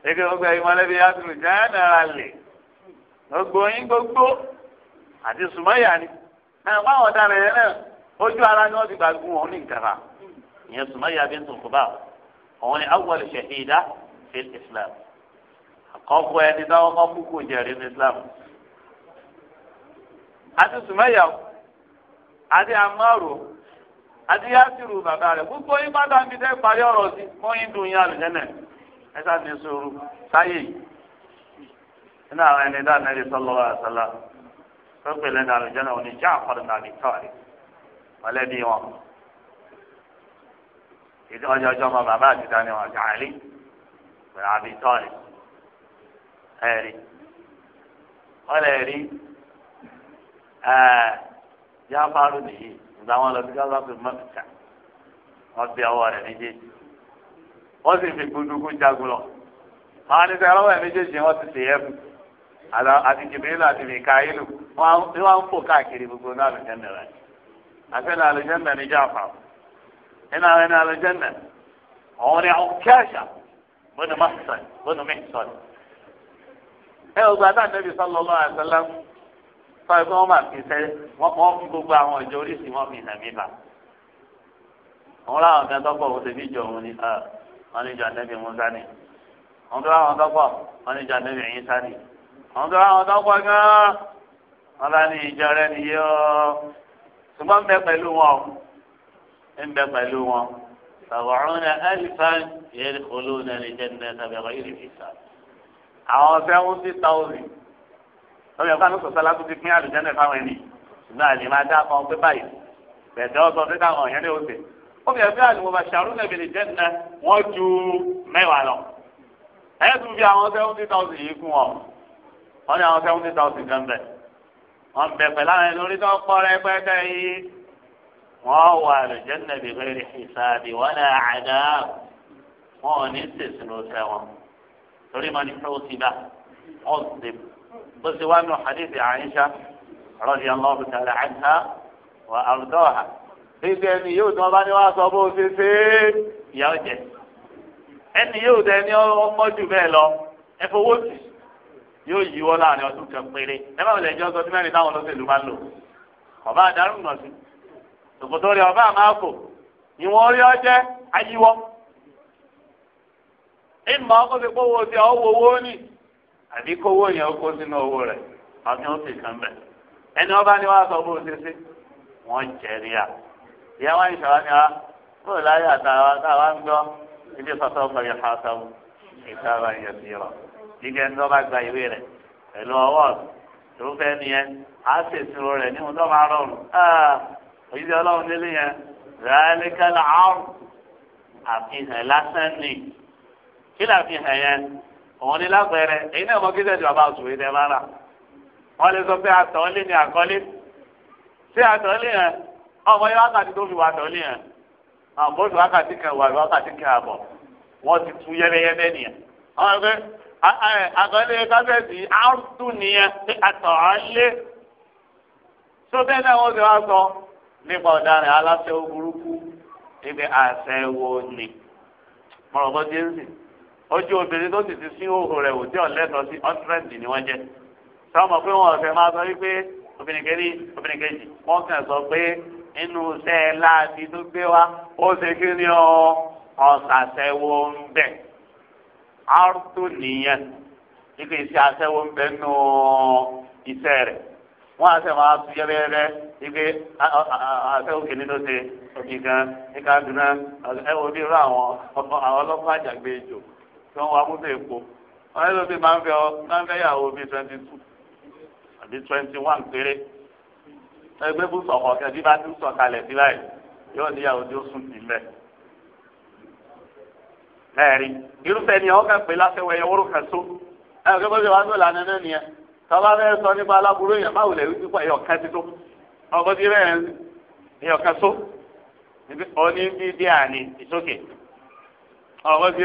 Eke gbogbo ẹ̀yin mọ̀lẹ́bí yà á fi jẹ́nẹ̀rálì gbogbo yín gbogbo àti sùmọ́yà ni. Ẹ báwọn ọ̀daràn yẹn náà ojú ara ni wọ́n ti gbàgbọ́ wọn ní ìkàrà. Ìyẹn sùmọ́yà bí ń tún kúbà. Òun ni awwal shahida fil Islam. Àkọ́kọ́ ẹni táwọn kọ́ kúkú jẹ̀rí ní Islam. Àti sùmọ́yà o. àti àmọ́rò àti yásìrù bàbá rẹ̀ gbogbo yín bá dàbí dẹ́ parí ọ̀rọ̀ sí fún yín dùn yín àlùjẹ́nẹ̀ ẹ sáà sòrò sáyé yìí nínú àwọn ẹni àṣàlá tó pè lẹ́nu òní mọ̀lẹ́bí wọn ìdí ọjọ́ ọjọ́ bàbá àti dání wọn gàálí pẹ̀lú yá fárú nìyí ìgbà wọn lọ sí gáàsà tó mọ́kìtà wọ́n fi ni rẹ̀ méjèèjì wọ́n sì fi gbúdúgbú jagun lọ. àwọn àníṣe ọlọ́wọ́ ẹ̀ méjèèjì wọ́n ti ṣèyẹ́ fún àti jìbìrìlù àti mìkáyìlù wọ́n ń fò káàkiri gbogbo náà àlùjẹ́nà rẹ̀ àfẹ́nà àlùjẹ́nà ní jáfà ẹ̀nà ẹ̀nà àlùjẹ́nà ọ̀hún ni àwọn kíáṣà bọ́nu mọ́sán bọ́nu mẹ́sàn. ẹ ò gbàdá nẹ́bí sọ́lọ́lọ́ àṣálàmù kọ́ ẹ pé wọ́n fi sẹ́ wọ́n fi gbogbo àwọn ìjọ oríṣi wọ́n fi hàn mí là. àwọn làwọn kan tọ́pọ̀ òun ṣèbí ìjọ òun ni wọ́n ní ìjọ àtẹ́bí musa ni àwọn tó láwọn tọ́pọ̀ wọ́n ní ìjọ àtẹ́bí ẹ̀yìn ni àwọn tó láwọn tọ́pọ̀ gan-an wọ́n bá ìjọ rẹ nìyí ọ́ ṣùgbọ́n ń bẹ pẹ̀lú wọn ń bẹ pẹ̀lú wọn sàbọ̀rún ẹ̀lifán yẹ́n ẹ̀ lọ́wọ́ ẹ̀fọ́ àmì sọ̀sọ́ látó ti pín àlùjẹ́nẹ̀ fáwọn ẹni ṣùgbọ́n àlè máa dá kan pé báyìí bẹ̀ẹ̀dẹ́ ọ̀sán fẹ́ káwọn ọ̀yẹ́ ní òsè ó fi ẹ̀fọ́ àlùmọ̀ bá ṣàrú nàbì lè jẹ́ nà wọ́n ju mẹ́wàá lọ. ẹ̀yẹ́ tún fi àwọn seventy thousand yìí kún ọ wọ́n ní àwọn seventy thousand gan bẹ̀ wọ́n bẹ̀ pẹ̀ láwọn ẹni orí tó pọ̀ rẹpẹtẹ yìí bó ṣe wá nù hadith Aisha radiyallahu ta'ala anha wa ardaha gbígbé ẹni yóò tán bá ní wá sọ bó ṣe ṣe é yóò láàrin ọdún kan péré ẹ ọsọ táwọn olóṣèlú máa ń lò ọba àdárùn sí rẹ ọba àmà kò ti owó ní àbí kówó yẹn ó kó sínú owó rẹ̀ àti ó sì kàn bẹ̀. ẹni wọn bá wàá sọ bó ṣe ṣe wọn jẹ níyà ìyá wọn ìṣòro ni wa bó láyé àtàwọn táwa ń gbọ́ ibi sọ̀tọ̀ ọkọ̀ yẹn fàá sáwọ́ ìtara yẹn ti rọ̀ jíjẹ ń dọ́gba gba ìwé rẹ̀ pẹ̀lú ọwọ́ irúfẹ́ nìyẹn á sì sùn rẹ̀ ní ohun tó máa rọrùn ah, òyìnbí ọlọ́run nílé yẹn rẹ́ẹ́lẹ́kẹ́lá àrùn àfihàn lásán ni kí làfihàn yẹn òun ni lápẹẹrẹ èyí náà mọ kí sẹ́ẹ̀dì bàbá oṣù yìí tẹ máa rà wọ́n lè sọ pé àtọ̀ọ́lé ni àkọ́lé ṣé àtọ̀ọ́lé yẹn ọmọ yẹn wákàtí tó fi wà àtọ̀ọ́lé yẹn àbọ̀ oṣù wákàtí kan wà wákàtí kan àbọ̀ wọ́n ti tu yẹ́bẹ́yẹ́bẹ́ nìyẹn. àwọn ẹgbẹ́ àtọ̀ọ́lé kábẹ́ẹ̀sì áùtù nìyẹn pé àtọ̀ọ́lé tó bẹ́ẹ̀ náà wọ́n ti wá sọ nípa ọ̀daràn aláṣẹ burúkú níbi àṣẹ wo ni mọ̀rọ̀ bọ́ dé ojú obìnrin tó sì ti sí òhò rẹ̀ wò tí ọ̀lẹ́tọ̀ sí ọ̀tírẹ́ǹtì ni wọ́n jẹ́ sọmọ pé wọn ọ̀fẹ́ máa sọ wípé obìnrin kejì obìnrin kejì wọ́n kàn sọ pé inú iṣẹ́ láàbí tó gbé wá ó ṣe kí ni ọ ọ̀sàṣẹ́wó ń bẹ̀ àrùtù nìyẹn nígbà iṣẹ́ aṣẹ́wó ń bẹ̀ nù iṣẹ́ rẹ̀ wọ́n àṣẹ máa tu yẹ́rẹ́yẹ́rẹ́ wípé aṣẹ́wó kìíní ló ṣe òkì kan nígbà dùnà ẹ̀wọ̀n bí irú àwọn ọlọ́pàá àjàgbé ìjò tí wọ́n wá mọ́tò èkó wọ́n yẹ́ lóbi máa ń fẹ́ máa ń fẹ́ yàwó bíi twenty two àbí twenty one péré ẹgbẹ́ bó sọ̀kọ̀ kẹ́ bí bá ti ń sọ̀kalẹ̀ sí báyìí yóò níyàwó tí ó sùn sí mbẹ́. ẹ̀rí irúfẹ́ ni àwọn kan pè lásẹ̀wẹ̀ yẹn wọ́rọ̀ kan tó ẹ̀ ọ̀gẹ́ bọ́sẹ̀ wàá tó lànà náà nìyẹn tọ́ba fẹ́ sọ nípa aláburú yẹn má wùlẹ̀ wípé ẹ̀yọ̀ kan tó ọkọ̀ ti bẹ́ẹ̀ ẹ̀yọ̀ kan tó ọ ní ìsókè ọkọ̀ ti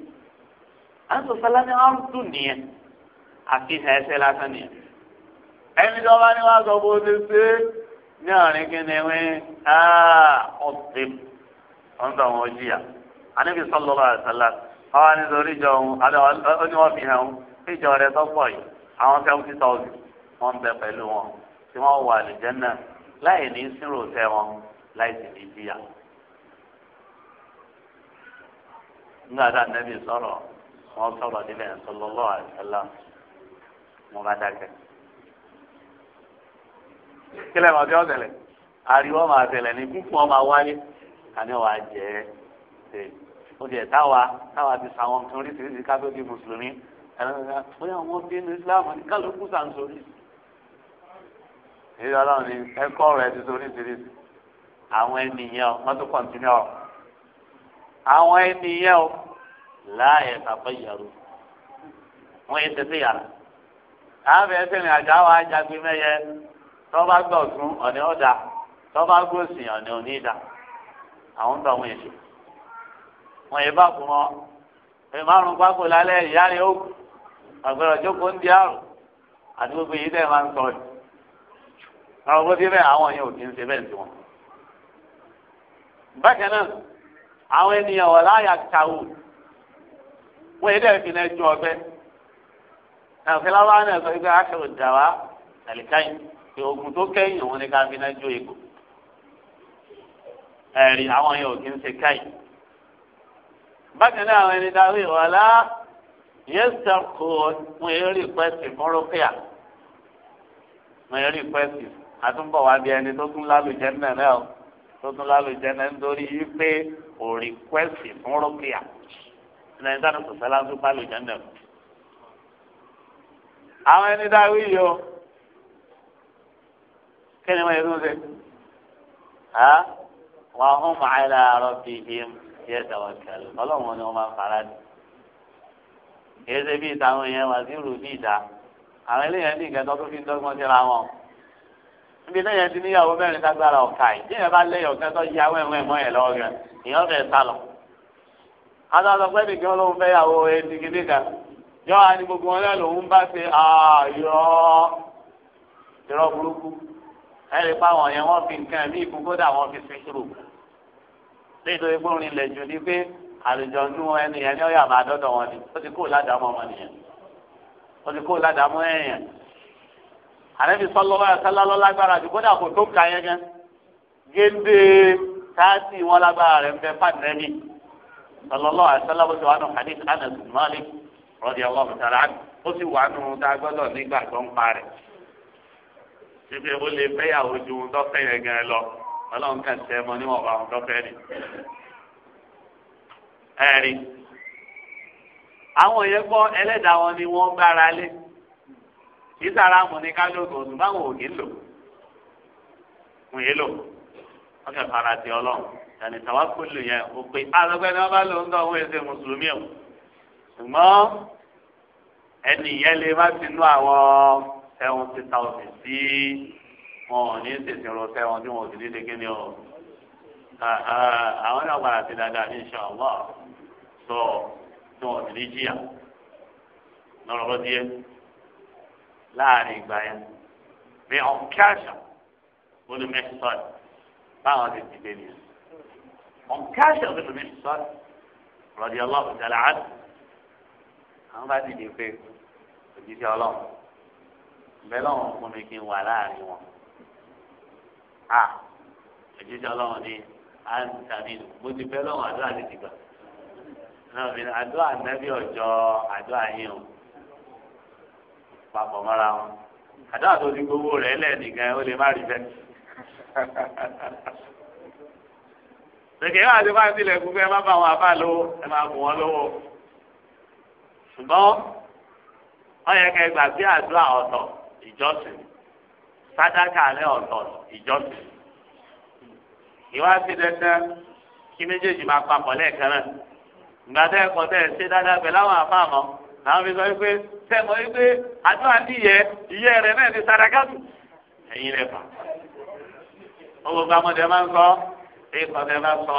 àtúntò sálámì àrùtù nìyẹn àfihàn ẹsẹ̀ lásán nìyẹn ẹni tó bá ní wá sọ bó ṣe ṣe ní àárín kíni wí ọ̀sẹ̀ ọ̀ǹdà wọn jìyà àníbi sọlọ́lá àṣàlá àwọn anítorí ìjọ òun oníwọ̀n fi hàn òun ìjọ rẹ̀ sọ́pọ̀ yìí àwọn seventy thousand wọ́n bẹ pẹ̀lú wọn tí wọ́n wà àlùjẹ́nà láì ní sírò tẹ wọn láì sì ní jìyà. nígbà tá a nẹ́bí wọ́n sọ̀rọ̀ nílẹ̀ sọlọ́lọ́ àìsàlám mo bá dákẹ́. kílẹ̀ mọ̀ bí wọ́n tẹ̀lẹ̀ ariwo máa tẹ̀lẹ̀ ní kúkú wọn máa wáyé àní wàá jẹ́ ẹ́ ó jẹ́ táwa táwa ti sa àwọn kan oríṣiríṣi ká tó di mùsùlùmí ẹ̀rọ bóyá wọn bí inú islam ní kálukú sàǹsórí. èyí ọlọ́run ni ẹ̀kọ́ rẹ̀ ti sọ oríṣiríṣi àwọn ènìyàn wọ́n tún kọ̀ǹtínú ọ̀ àwọn ènìyàn láàyè tàbí yàrá wọn yìí tètè yàrá káfíń ẹsẹ̀ ní àjà wa jágbe mẹ́yẹ tọ́ba gbọ̀ tún ọ̀ní ọ̀dà tọ́ba gbòsìn ọ̀ní òní ìdá àwọn tó àwọn èso wọn yìí bá kú mọ́ èyí márùn pákó lálẹ́ ìyá rẹ̀ ó àgbẹ̀rọ̀ jókòó ń di àrùn àti gbogbo yìí dẹ̀ máa ń sọ ọ̀dì àwọn bó ti àwọn yẹn ò ti ń ṣe bẹ́ẹ̀ tiwọn. bákan náà àwọn ènìyàn wọ̀ láyà kàwé wọ́n yìí dẹ̀ fi náà ju ọbẹ̀ náà fi lábá náà sọ pé aṣọ ìdàwà àlìkáyìn pé ogun tó kẹ́yìn òun ni ká fi náà ju egbò ẹ̀rí àwọn yẹn ò kí ń ṣe káyìn. bákan náà àwọn ẹni darí ìwàlá yẹn sàkó wọn yẹn rí pẹ́sì mọ́rọ́kìá wọn yẹn rí pẹ́sì àtúnbọ̀ wá ẹni tó tún lálùjẹ́ náà náà tó tún lálùjẹ́ náà nítorí pé ò rí pẹ́sì mọ́rọ́kìá ìlànà ìdáná sọ̀sẹ̀ lásán bá lè jẹ́ nẹ̀kú. àwọn ẹni dáwí yìí o kí ni wọ́n yẹ kó ṣe ha wàá hùn màá ilà àárọ̀ bíi bíi yẹ tàwọn kẹlẹ ọlọ́run ni wọ́n máa fara dì kìí bíi táwọn yẹn wà sí rù bíi ìdá àwọn eléyàn ní ìgbẹ́ tọ́tún fi ń dọ́gbọ́n síra wọn níbi náà yẹn ti níyàwó mẹ́rin lágbára ọ̀ka yìí bí yẹn bá lẹ́yìn ọ̀kẹ́ tó yá wẹ́wẹ́ ẹ̀ lọ́wọ́ gan ìyọ́n sálọ adásọpẹ́ nìkan ló ń fẹ́ yàwó ẹni kìíní kan yọ wá ní gbogbo wọn náà lòun bá ṣe ààyò irọ́ burúkú ẹ̀rí pa àwọn yẹn wọ́n fi nǹkan ẹ̀mí ìkókódà wọ́n fi sí ṣòro nítorí pé orin ilẹ̀ jù ni pé àlùjọ nú ẹni yẹn ní ọ̀yà máa dọ́dọ̀ wọn ni ó ti kó ládàámọ́ wọn nìyẹn ó ti kó ládàámọ́ ẹ̀yẹn àrẹ́bí sọ́lọ́wọ́ ẹ̀sálálọ́ lágbára jù kódà kò tó ka yẹn gẹ́ géńdé táàtì wọn lágbára rẹ̀ ń bẹ fàdínẹ́mì sọlọ́lọ́ àṣàlábọ̀ tó wà nù hadith anas malik rọ́dí ọlọ́run tààrà ó sì wà nù tá a gbọ́dọ̀ nígbà tó ń parẹ́ ṣíbi ó lè fẹ́yàwó ju ohun tó fẹ́ yẹn gan lọ ọlọ́run kàn tẹ́ mọ níwọ̀nba ohun tó fẹ́ ni. ẹ̀rí àwọn yẹn gbọ́ ẹlẹ́dàá wọn ni wọ́n gbára lé ìsàrà mọ̀ ní kálíọ̀tù ọ̀dùn báwọn ò ní lò wọ́n yé lò wọ́n kẹ́ fara ti ọlọ́run yàní tàwákùlù yẹn o pé alọ́gbẹ́ ni wọ́n bá lò ń dán owó ẹsẹ̀ mùsùlùmí o ṣùgbọ́n ẹnì yẹn lè má ti nú àwọn seventy thousand sí wọn ò ní tètè rọ sẹ́wọ̀n tí wọn ò sì ní lè kéde o àwọn náà padà sí dáadáa ní ìṣe ọ̀gbọ́n sọ tí wọn ò sì ní jìyà lọ́rọ́ díẹ̀ láàrin ìgbà yẹn bí ọ̀kẹ́ àṣà olùmẹ́sàn báwọn ti dìde nìyẹn. منكشر بن محصن رضي الله تعالى عنه àwọn bá dìde pé òjíṣẹ́ ọlọ́run bẹ́ẹ̀ lọ́wọ́ fún mi kí n wà láàrin wọn a òjíṣẹ́ ọlọ́run ni à ń tàbí mo ti bẹ́ẹ̀ lọ́wọ́ àdúrà ti dìgbà náà mi àdúrà nẹ́bí ọjọ́ àdúrà yín o papọ̀ mọ́ra wọn àdúrà tó ti gbowó rẹ̀ lẹ́ẹ̀nìkan ó lè má rí bẹ́ẹ̀ gbẹ̀gẹ̀ yóò àti fáwọn tilẹ̀ kú fẹ́ má bá wọn àbá lówó ẹ máa bù wọn lówó. ṣùgbọ́n wọ́n yẹ kẹ́ gbà bí àdúrà ọ̀tọ̀ ìjọsìn sádàkà alẹ́ ọ̀tọ̀ ìjọsìn. ìwà ti dandan kí méjèèjì máa papọ̀ lẹ́ẹ̀kan náà. ìgbà tẹ́ ẹ̀kọ́ tẹ́ ẹ ṣe dáadáa pẹ̀lú àwọn àfáàmọ́ làwọn fi sọ wípé tẹ́mọ̀ wípé àdúrà ní ìyẹ́ ìyẹ́ rẹ̀ náà ti sádàkà tù. ẹ̀yin rẹ̀ fà. ikọ̀ tẹ bá sọ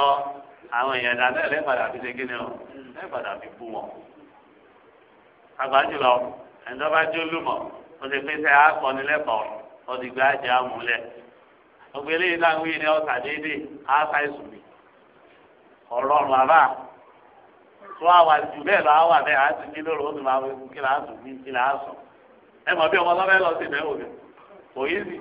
àwọn èèyàn dáadáa lẹ́gbàdà fi ṣe kí ni o lẹ́gbàdà fi bú wọn. àgbájúlọ ẹ̀ńdọ́bá jólúmọ̀ ó ti pèsè àkọnilẹ́kọ̀ọ́ ọ̀dìgbà àjẹ́ àmúlẹ̀. ògbélé iná ń wí ni ọ̀sà déédéé àáfà ìsùn mi. ọ̀rọ̀ àbá tó àwà jù bẹ́ẹ̀ lọ àwà bẹ́ẹ̀ á ti kí lóru ó máa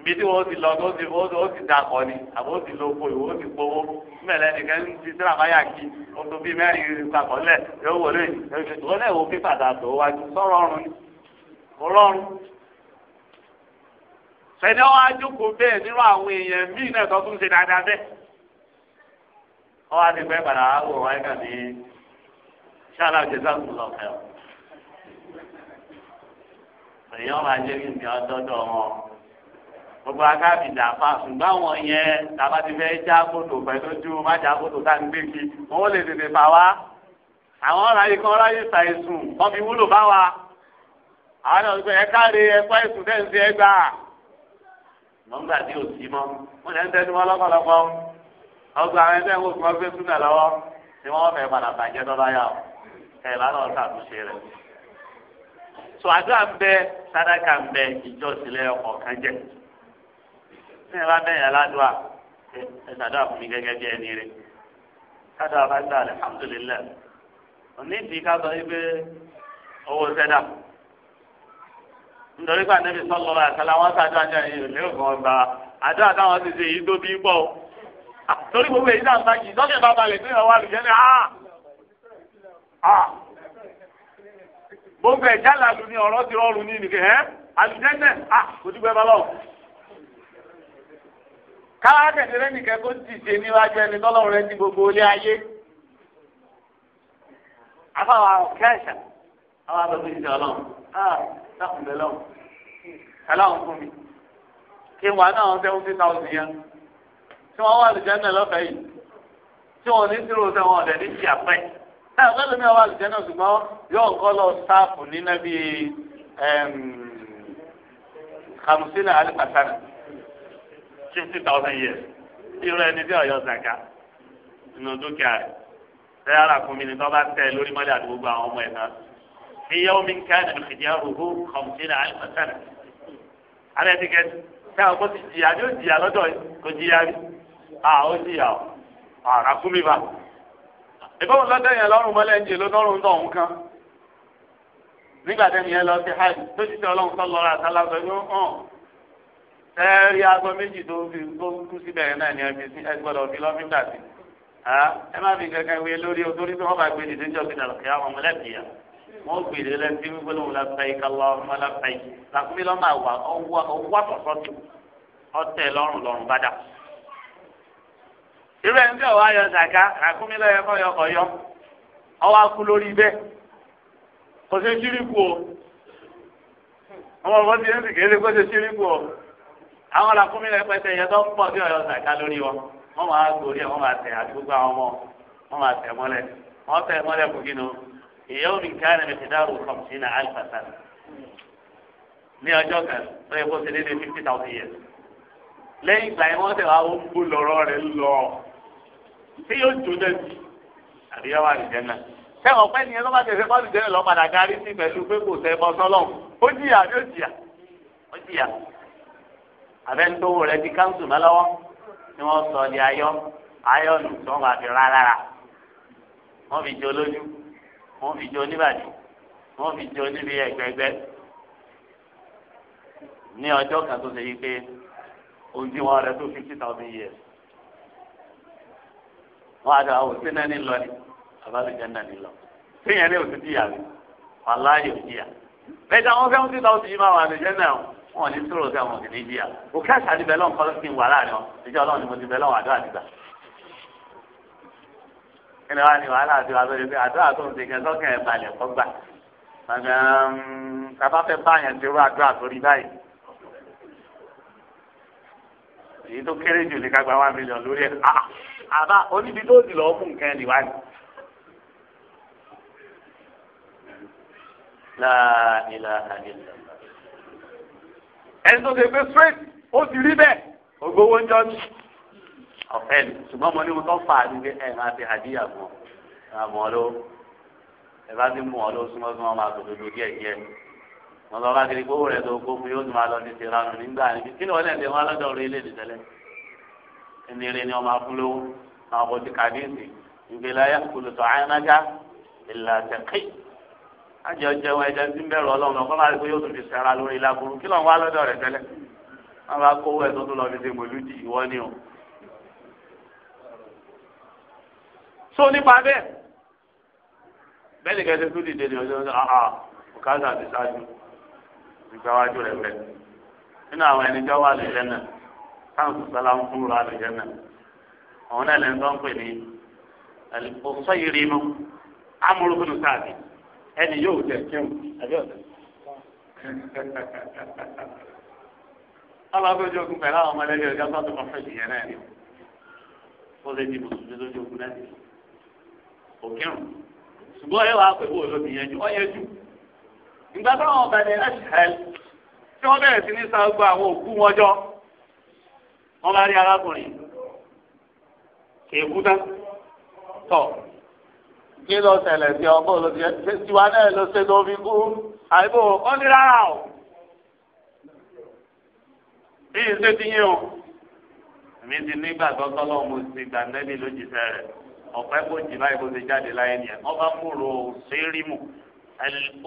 ibi tí wọ́n ti lọ tó ti wọ́n tó ti dakọ̀ ni àbó ti lo oko ìwọ́ ti powó mẹ́lẹ̀ nìkan ń ti síra báyà kí o tó bí mẹ́rin papọ̀ lẹ̀ yóò wọlé ìwọ náà wo pípà tà tó wá ju sọ̀rọ̀ ọ̀run ni kò rọrùn. sẹ́ni ọ́ ajókòó bẹ́ẹ̀ nínú àwọn èèyàn míì náà tó tún ṣe dáadáa bẹ́ẹ̀. ọ́ wá padà wò wáyé kàn ṣáàlà jẹ́sà kù lọ èèyàn máa jẹ́ kí gbogbo akáàbì dàpá ṣùgbọ́n àwọn yẹn tàbá ti fẹ́ já kótó pẹ̀lú ju má já kótó tá n gbé kí wọ́n lè tètè fà wá. àwọn ọ̀ráyè kan ráyè ṣàìsùn wọ́n fi wúlò bá wa. àwọn náà sọ ẹ káre ẹkọ ẹsùn tẹ̀ ń ṣe ẹ gbà. wọ́n gbà tí ò sí mọ́ wọ́n lè ń tẹ́tí wọn lọ́pọ̀lọpọ̀. ọgbà àwọn ẹgbẹ́ wọn kò wọ́n gbé súnà lọ́wọ́ tí wọ́n fẹ́ padà bàjẹ́ lọ́lá yà ó ẹ̀rọ náà ṣàtúnṣe rẹ̀. sọ àdúrà ń bẹ sádàkà ń bẹ ìjọ ní ẹ bá aládùá ẹ fún mi gẹ́gẹ́ bí ẹni rẹ̀ sàdúrà bá gbà alhamdulilayi ká sọ yí owó sẹ́dà nítorí pé ànábì sọ́kọ́ bá àkàlà wọn sàdúrà jẹ́ ìyẹn òní ògùn ọgbà àdúrà táwọn ti ṣe èyí tó bí pọ̀ torí gbogbo èyí náà ń bá jì sọ́kẹ́ balẹ̀ pé ọwọ́ àlùjẹ́ ni ah! Ah! gbogbo ẹ̀já làlù ni ọ̀rọ̀ ti rọrùn ní ẹ́ àlùjẹ́ náà ah! kò dúpẹ́ bá lọ́wọ́. káwá tẹ̀lé lẹ́nìkan kó dìde níwájú ẹni tọ́lọ́run rẹ ní gbogbo ilé ayé. afáwa kẹ́ẹ̀ṣà àwọn abẹ́gbẹ́ ìṣẹ́ ọlọ́run ah dákun bẹ́ẹ̀ lọ́run ẹlọ́run fún mi kí n wà náà seventy thousand yẹn tí wọ́n wà lùjẹ́ náà lọ́fẹ̀ẹ́ yìí tí wọ́n ní zero ṣe wọn ọ̀dẹ̀ ní ti àpẹ́ náà fẹ́ lómi àwọn àlùjẹ́ náà ṣùgbọ́n yóò ń kọ́ lọ sáàpù nínú bíi hamsina alifasana fifty thousand years irú ẹni tí ọ̀yọ́ zaka nínú dúkìá rẹ̀ lẹ́yìn alákùnrin ni tọ́ba tẹ̀ lórí mọ́lẹ̀ àdúgbò àwọn ọmọ ẹ̀ náà iye omi ń káyọ̀ nínú ìdí àrùkù kọ̀mùtínà àìmọ̀tánà alẹ́ ti kẹ́ ṣé àwọn kò ti jìyà ni ó jìyà lọ́dọ̀ kò jìyà rí à ó jìyà ọ̀ àràkùnrin bá ìbáwọn lọ́dọ̀ yẹn lọ́rùn mọ́lẹ̀ ń jè lọ́rùn tó ọ̀hún kan nígbà tẹ́ni yẹn lọ sí hajj tó ti tẹ ọlọ́run sọ lọ́ra àtàlà sọ ní hàn ẹ̀rí agbọ méjì tó fi tó kú síbẹ̀ yẹn náà ni ẹ fi sí ẹ gbọ́dọ̀ fi lọ́ fíńdà sí ẹ wé lórí o torí tí wọ́n bá gbé ní ìdíjọ́ kíá wọn mọ̀lẹ́bí wọ́n gbé lé làkúmí lọ́mọ ọwọ́ àtọ̀tọ̀ tó ọtẹ lọ́rùn lọ́rùn bá dà. irú ẹni tí ọwọ́ ayọ̀ làkúmí àwọn làkúnmí rẹpẹtẹ yẹn tó ń pọ̀ bí ọ̀yọ́ sàkà lórí wọn wọ́n máa gòrí ẹ̀ wọ́n máa tẹ̀ àti gbogbo àwọn ọmọ wọ́n máa tẹ̀ mọ́lẹ̀ wọ́n tẹ̀ mọ́lẹ̀ kò kí ni o ìyá omi nǹkan rẹ̀ ti dárò kọ̀mùsí náà alifasa ní ọjọ́ kan tó yẹ kó ṣe déédéé fifty thousand years lẹ́yìn ìgbà yẹn wọ́n tẹ̀ wá ó ń bú lọ́rọ́ rẹ̀ lọ tí yóò jó náà bí àríyáwó àrìjẹ́ náà sẹ́wọ̀n pẹ́ ni ẹ lọ́ba tẹ̀sẹ̀ bọ́ọ̀lù abẹ́ntówó rẹ̀ di káńsù mẹ́lọ́wọ́ tí wọ́n sọ di ayọ́ ayọ́nù tí wọ́n máa fi rá lára wọ́n fi jẹ olójú wọ́n fi jẹ oníbàdí wọ́n fi jẹ oníbi ẹgbẹ́gbẹ́ ní ọjọ́ kan tó ṣe yí pé ojú wọn rẹ̀ tó fifty thousand years wọ́n á dọ̀ àwọn òsín náà ní lọ ni àbálùjẹ́ náà ní lọ síyẹn ní òsín díyà mi wàláyé òdíyà bẹ́ẹ̀ ni àwọn fẹ́ẹ́ ń sí thousand yìí máa wà àbẹ̀jẹ́ náà wọn ní sọ̀rọ̀ sí àwọn òsì ní bíyà òkè àṣà ti bẹlọ nǹkan lọsí wà láàrin wọn ìjọ Ọlọ́run ni mo ti bẹlọ àdó àdìgbà ẹni wàá ní wàhálà àti wàá lórí pé àdó àtò ń tẹkẹ sọkẹ ẹ balẹ̀ kọ gbà bàbá um, fẹ́ ti rú àdó àtòrí báyìí èyí tó kéré jù ní ká gba one lórí ẹ ah, àbá oníbi tó ti lọ fún nǹkan ẹni wàá ní. La ilaha illallah ẹni tó ṣe pé straight ó ti rí bẹ́ẹ̀ ògbówó ń jọ́jú ọ̀fẹ́ ni ṣùgbọ́n mo ní mo tọ́ fà á ní pé ẹ máa fi àdíyà mọ́ ẹ máa mọ́ ọ lọ ẹ bá ti mú ọ lọ súnmọ́ súnmọ́ máa tòtò lórí díẹ̀ díẹ̀ wọn lọ bá kiri gbówó rẹ tó gbó fún yóò tún máa lọ ní tìranu nígbà níbi kí ni wọ́n lẹ́ẹ̀dẹ̀ wọn lọ́dọ̀ orí ilé ìdìtẹ́lẹ̀ ẹni rẹ ni wọ́n máa fún lówó máa kó ti kàdíyèsí ìgbélayà kùlùtọ̀ àyánájá ìlà tẹ̀kí àjẹ ọjẹ wọn ẹjẹ tí ń bẹ̀rù Ọlọ́run lọ kọlá àdìgbò yóò tún fi sẹra lórí lágbóró kí lọ́n wá lọ́dọ̀ rẹ̀ tẹ́lẹ̀ wọn bá kówó ẹ̀tọ́ tó lọ fi ṣe mòlúdì ìwọ ni o. so nípa bẹ́ẹ̀ bẹ́ẹ̀ ni kẹsẹ tó dìde ní ọjọ́ ọjọ́ àhà bùkátà ti ṣáájú nípa wájú rẹ̀ bẹ́ẹ̀ nínú àwọn ẹni tí wọn wà lóye náà táwọn sọsọlá ń fúnra lóye náà àwọn náà lẹ́nu tó ń pè ní ọ̀sọ́ ìrìnnú ẹni yóò tẹ̀ kírun àbí ọ̀tẹ̀. ọlọ́run ogun pẹ̀lú àwọn ọmọlẹ́bí ọjọ́ sọ́dún kan fẹ́ẹ̀lì yẹn náà ó lè di mùsùlùmí lójú ogun náà ni òkírun ṣùgbọ́n ẹ wàá pè wò lóbi yẹn ju ọ yẹn jù ìgbà táwọn ọba ní ẹ̀ṣẹ̀l tí wọ́n bẹ̀rẹ̀ sí ní sàgbọ́ àwọn òkú wọn jọ wọ́n bá rí arákùnrin kì í kú tán tọ̀ kí lọ ṣẹlẹ̀ sí ọmọ olóṣèlú ṣe tiwa náà ló ṣe tó fi kú àìbò ó ní rárá o bí n ṣe ti yín o èmi ti nígbà tọ́tọ́ lọ́wọ́ mo ti gbà nẹ́bí lójijì rẹ̀ ọ̀pẹ́ kò jì báyìí kó ti jáde láyé nìyẹn wọ́n bá múlò òṣèrímù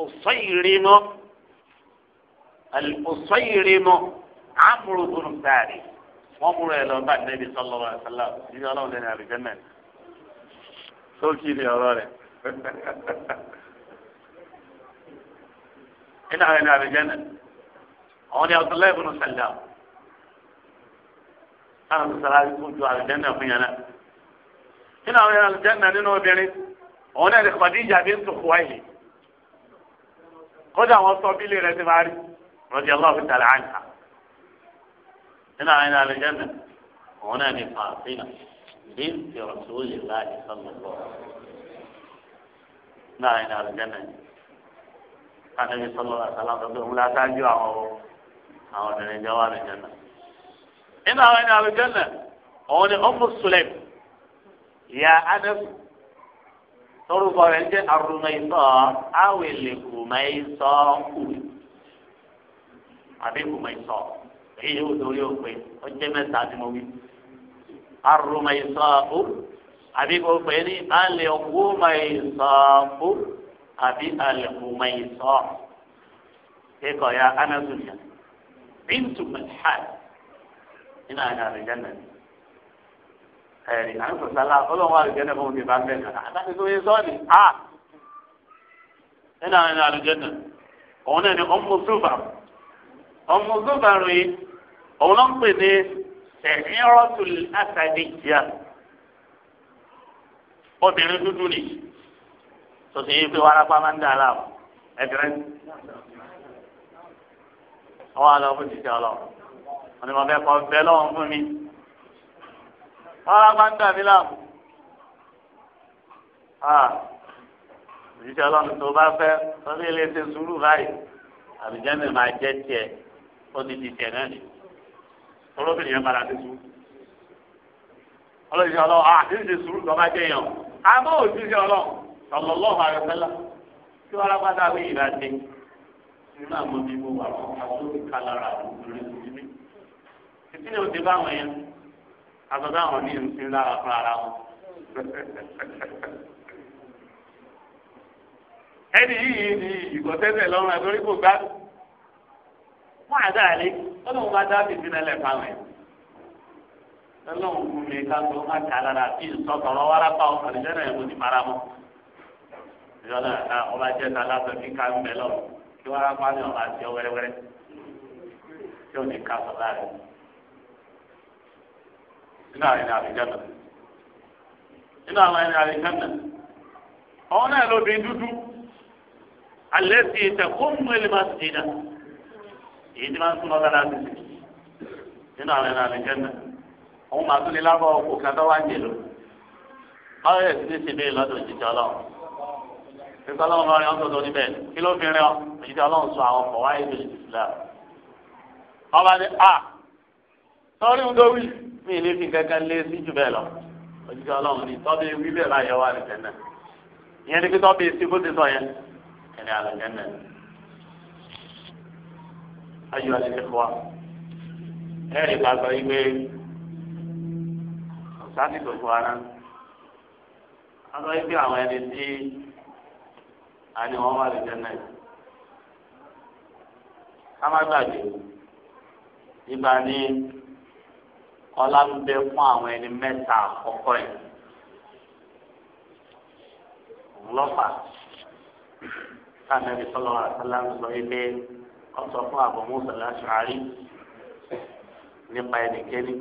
òṣèrímù òṣèrímù àmúrò tó ń sáré wọ́n múlò ẹ̀ lọ́ba nẹ́bí sọ́lọ́wọ́ àṣálà ìdí ọlọ́run lẹ́nu àlùjẹ́ sókè ni ọ̀rọ̀ rẹ̀. ina rẹ̀ ní àbíjẹ́nà àwọn ni abdullahi ibùn sàlẹ̀ àwọn tó sara ikú ju àbíjẹ́nà fún yẹn náà. ina rẹ̀ ní àbíjẹ́nà nínú obìnrin àwọn náà ní Khadija bint Khuwaylid kódà wọn sọ bílẹ̀ rẹ̀ ti máa rí radiyallahu ta'ala anha. ina rẹ̀ ní àbíjẹ́nà àwọn náà ní بنت رسول الله صلى الله عليه وسلم náà ní alùjẹ́nà yìí anabi sọlọ asala tó tóbi wúlò aṣáájú àwọn àwọn obìnrin jẹ wà alùjẹ́nà nínú àwọn ẹni alùjẹ́nà òun ni ọmọ sùlẹm ya anas torúkọ rẹ jẹ arúmẹsọ awẹlẹkùmẹsọ kùrù àbí kùmẹsọ èyí yóò torí òpin ó jẹ mẹ́ta ni mo wí. arúmọ̀ìsọ̀ọ̀fù àbí kò pè ní alẹ́kùnmọ̀ìsọ̀ọ̀fù àbí alẹ́kùnmọ̀ìsọ̀ kíkọ̀ ya anásùnìyà bíntu mẹ́tàl nínú àwọn àrùjẹ́nà ẹ̀rí àwọn sọ̀sálà sẹ̀hìnrọ́tù àtàdéjà obìnrin dúdú ni tòsí yìí pé wàrápá máa ń dà láàmú ẹ̀dẹ̀rẹ́ wọ́n á lọ fún títí ọlọ́run wọ́n ní mo fẹ́ kọ́ bẹ́ẹ̀ lọ́wọ́ fún mi wàrápá ń dà mí láàmú òṣìṣẹ́ ah, ọlọ́run tó bá fẹ́ lọ́sí ilé ṣe sùúrù báyìí àbíjẹ́ mi máa jẹ́ tiẹ̀ ó ti tiẹ̀ náà nìyí ọlọ́bìnrin yẹn padà ti sùn ọlọ́dún sọlọ àti ti sùúrù lọ́ba jẹ yàn àmọ́ òjijì ọlọ sallallahu alaihi wasallam tí wọ́n alágbádá wí ìlà dé nínú àwọn ọmọ ìbò wà fún àtúntò kálára lórí ìdílé títí ní òde báwọn yẹn àtọ́jú àwọn ní ìrìnsì lára fún ara wọn. ẹni yìí ni ìkọ̀tẹ́sẹ̀ lọ́rùn àtọ́rí fún àdáàlẹ Ọlọ́run bá dá bìbí náà lẹ fáwọn ẹ Ọlọ́run kú mi ká tó ká kà lára bí sọtọrọ wàrà pa ọ kàlẹ jẹrẹ ẹmu ti mara mọ ìyọlá ọba jẹ ta lásán kí ká ń bẹ lọ kí wàrà pa ni ọba jẹ wẹrẹwẹrẹ tí o ní ká sọ láàrin nínú àwọn ẹni àlejànà nínú àwọn ẹni àlejànà ọ̀hún náà lóbi dúdú alẹ́ sì tẹ̀kọ́ mú ẹlẹ́mà sí náà èyí tí wọ́n súnmọ́ sára sí nínú àwọn ẹ̀rọ àlùjẹ́nà òun màá tún lè lábọ̀ òkú kan tó wá ń jèlò ọ̀rẹ́ ẹ̀ ti ṣe bẹ́ẹ̀ lọ́dọ̀ òjijì ọlọ́run nípa ọlọ́run lọ́rin ọ̀tọ̀ tó níbẹ̀ kí ló fi rìn ọ òjijì ọlọ́run sọ àwọn ọkọ̀ wáyé ìlú Islam ọba ní a sọ́rí ń dórí mi ní fi kankan lé sí jù bẹ́ẹ̀ lọ òjijì ọlọ́run ní tọ́bi wí bẹ́ẹ̀ láyẹ̀wò àlùjẹ́nà ìyẹn ní kí tọ́bi sí bó ayọ̀ àlẹ́fẹ́fọ́à ẹ̀rí bá sọ yìí pé ọ̀sán ìgbòho ara a sọ yìí pé àwọn ẹni tí a ní wọ́n wà lẹ́jẹ̀ náà ká má gbàgbé ibà ní ọlá ń bẹ fún àwọn ẹni mẹ́ta àkọ́kọ́ yìí ńlọ́pàá ká nẹ́bí sọ́lọ́ àtàlà ń sọ yìí wọ́n sọ fún Abu Musa al-Ash'ari nípa ẹnikẹ́ni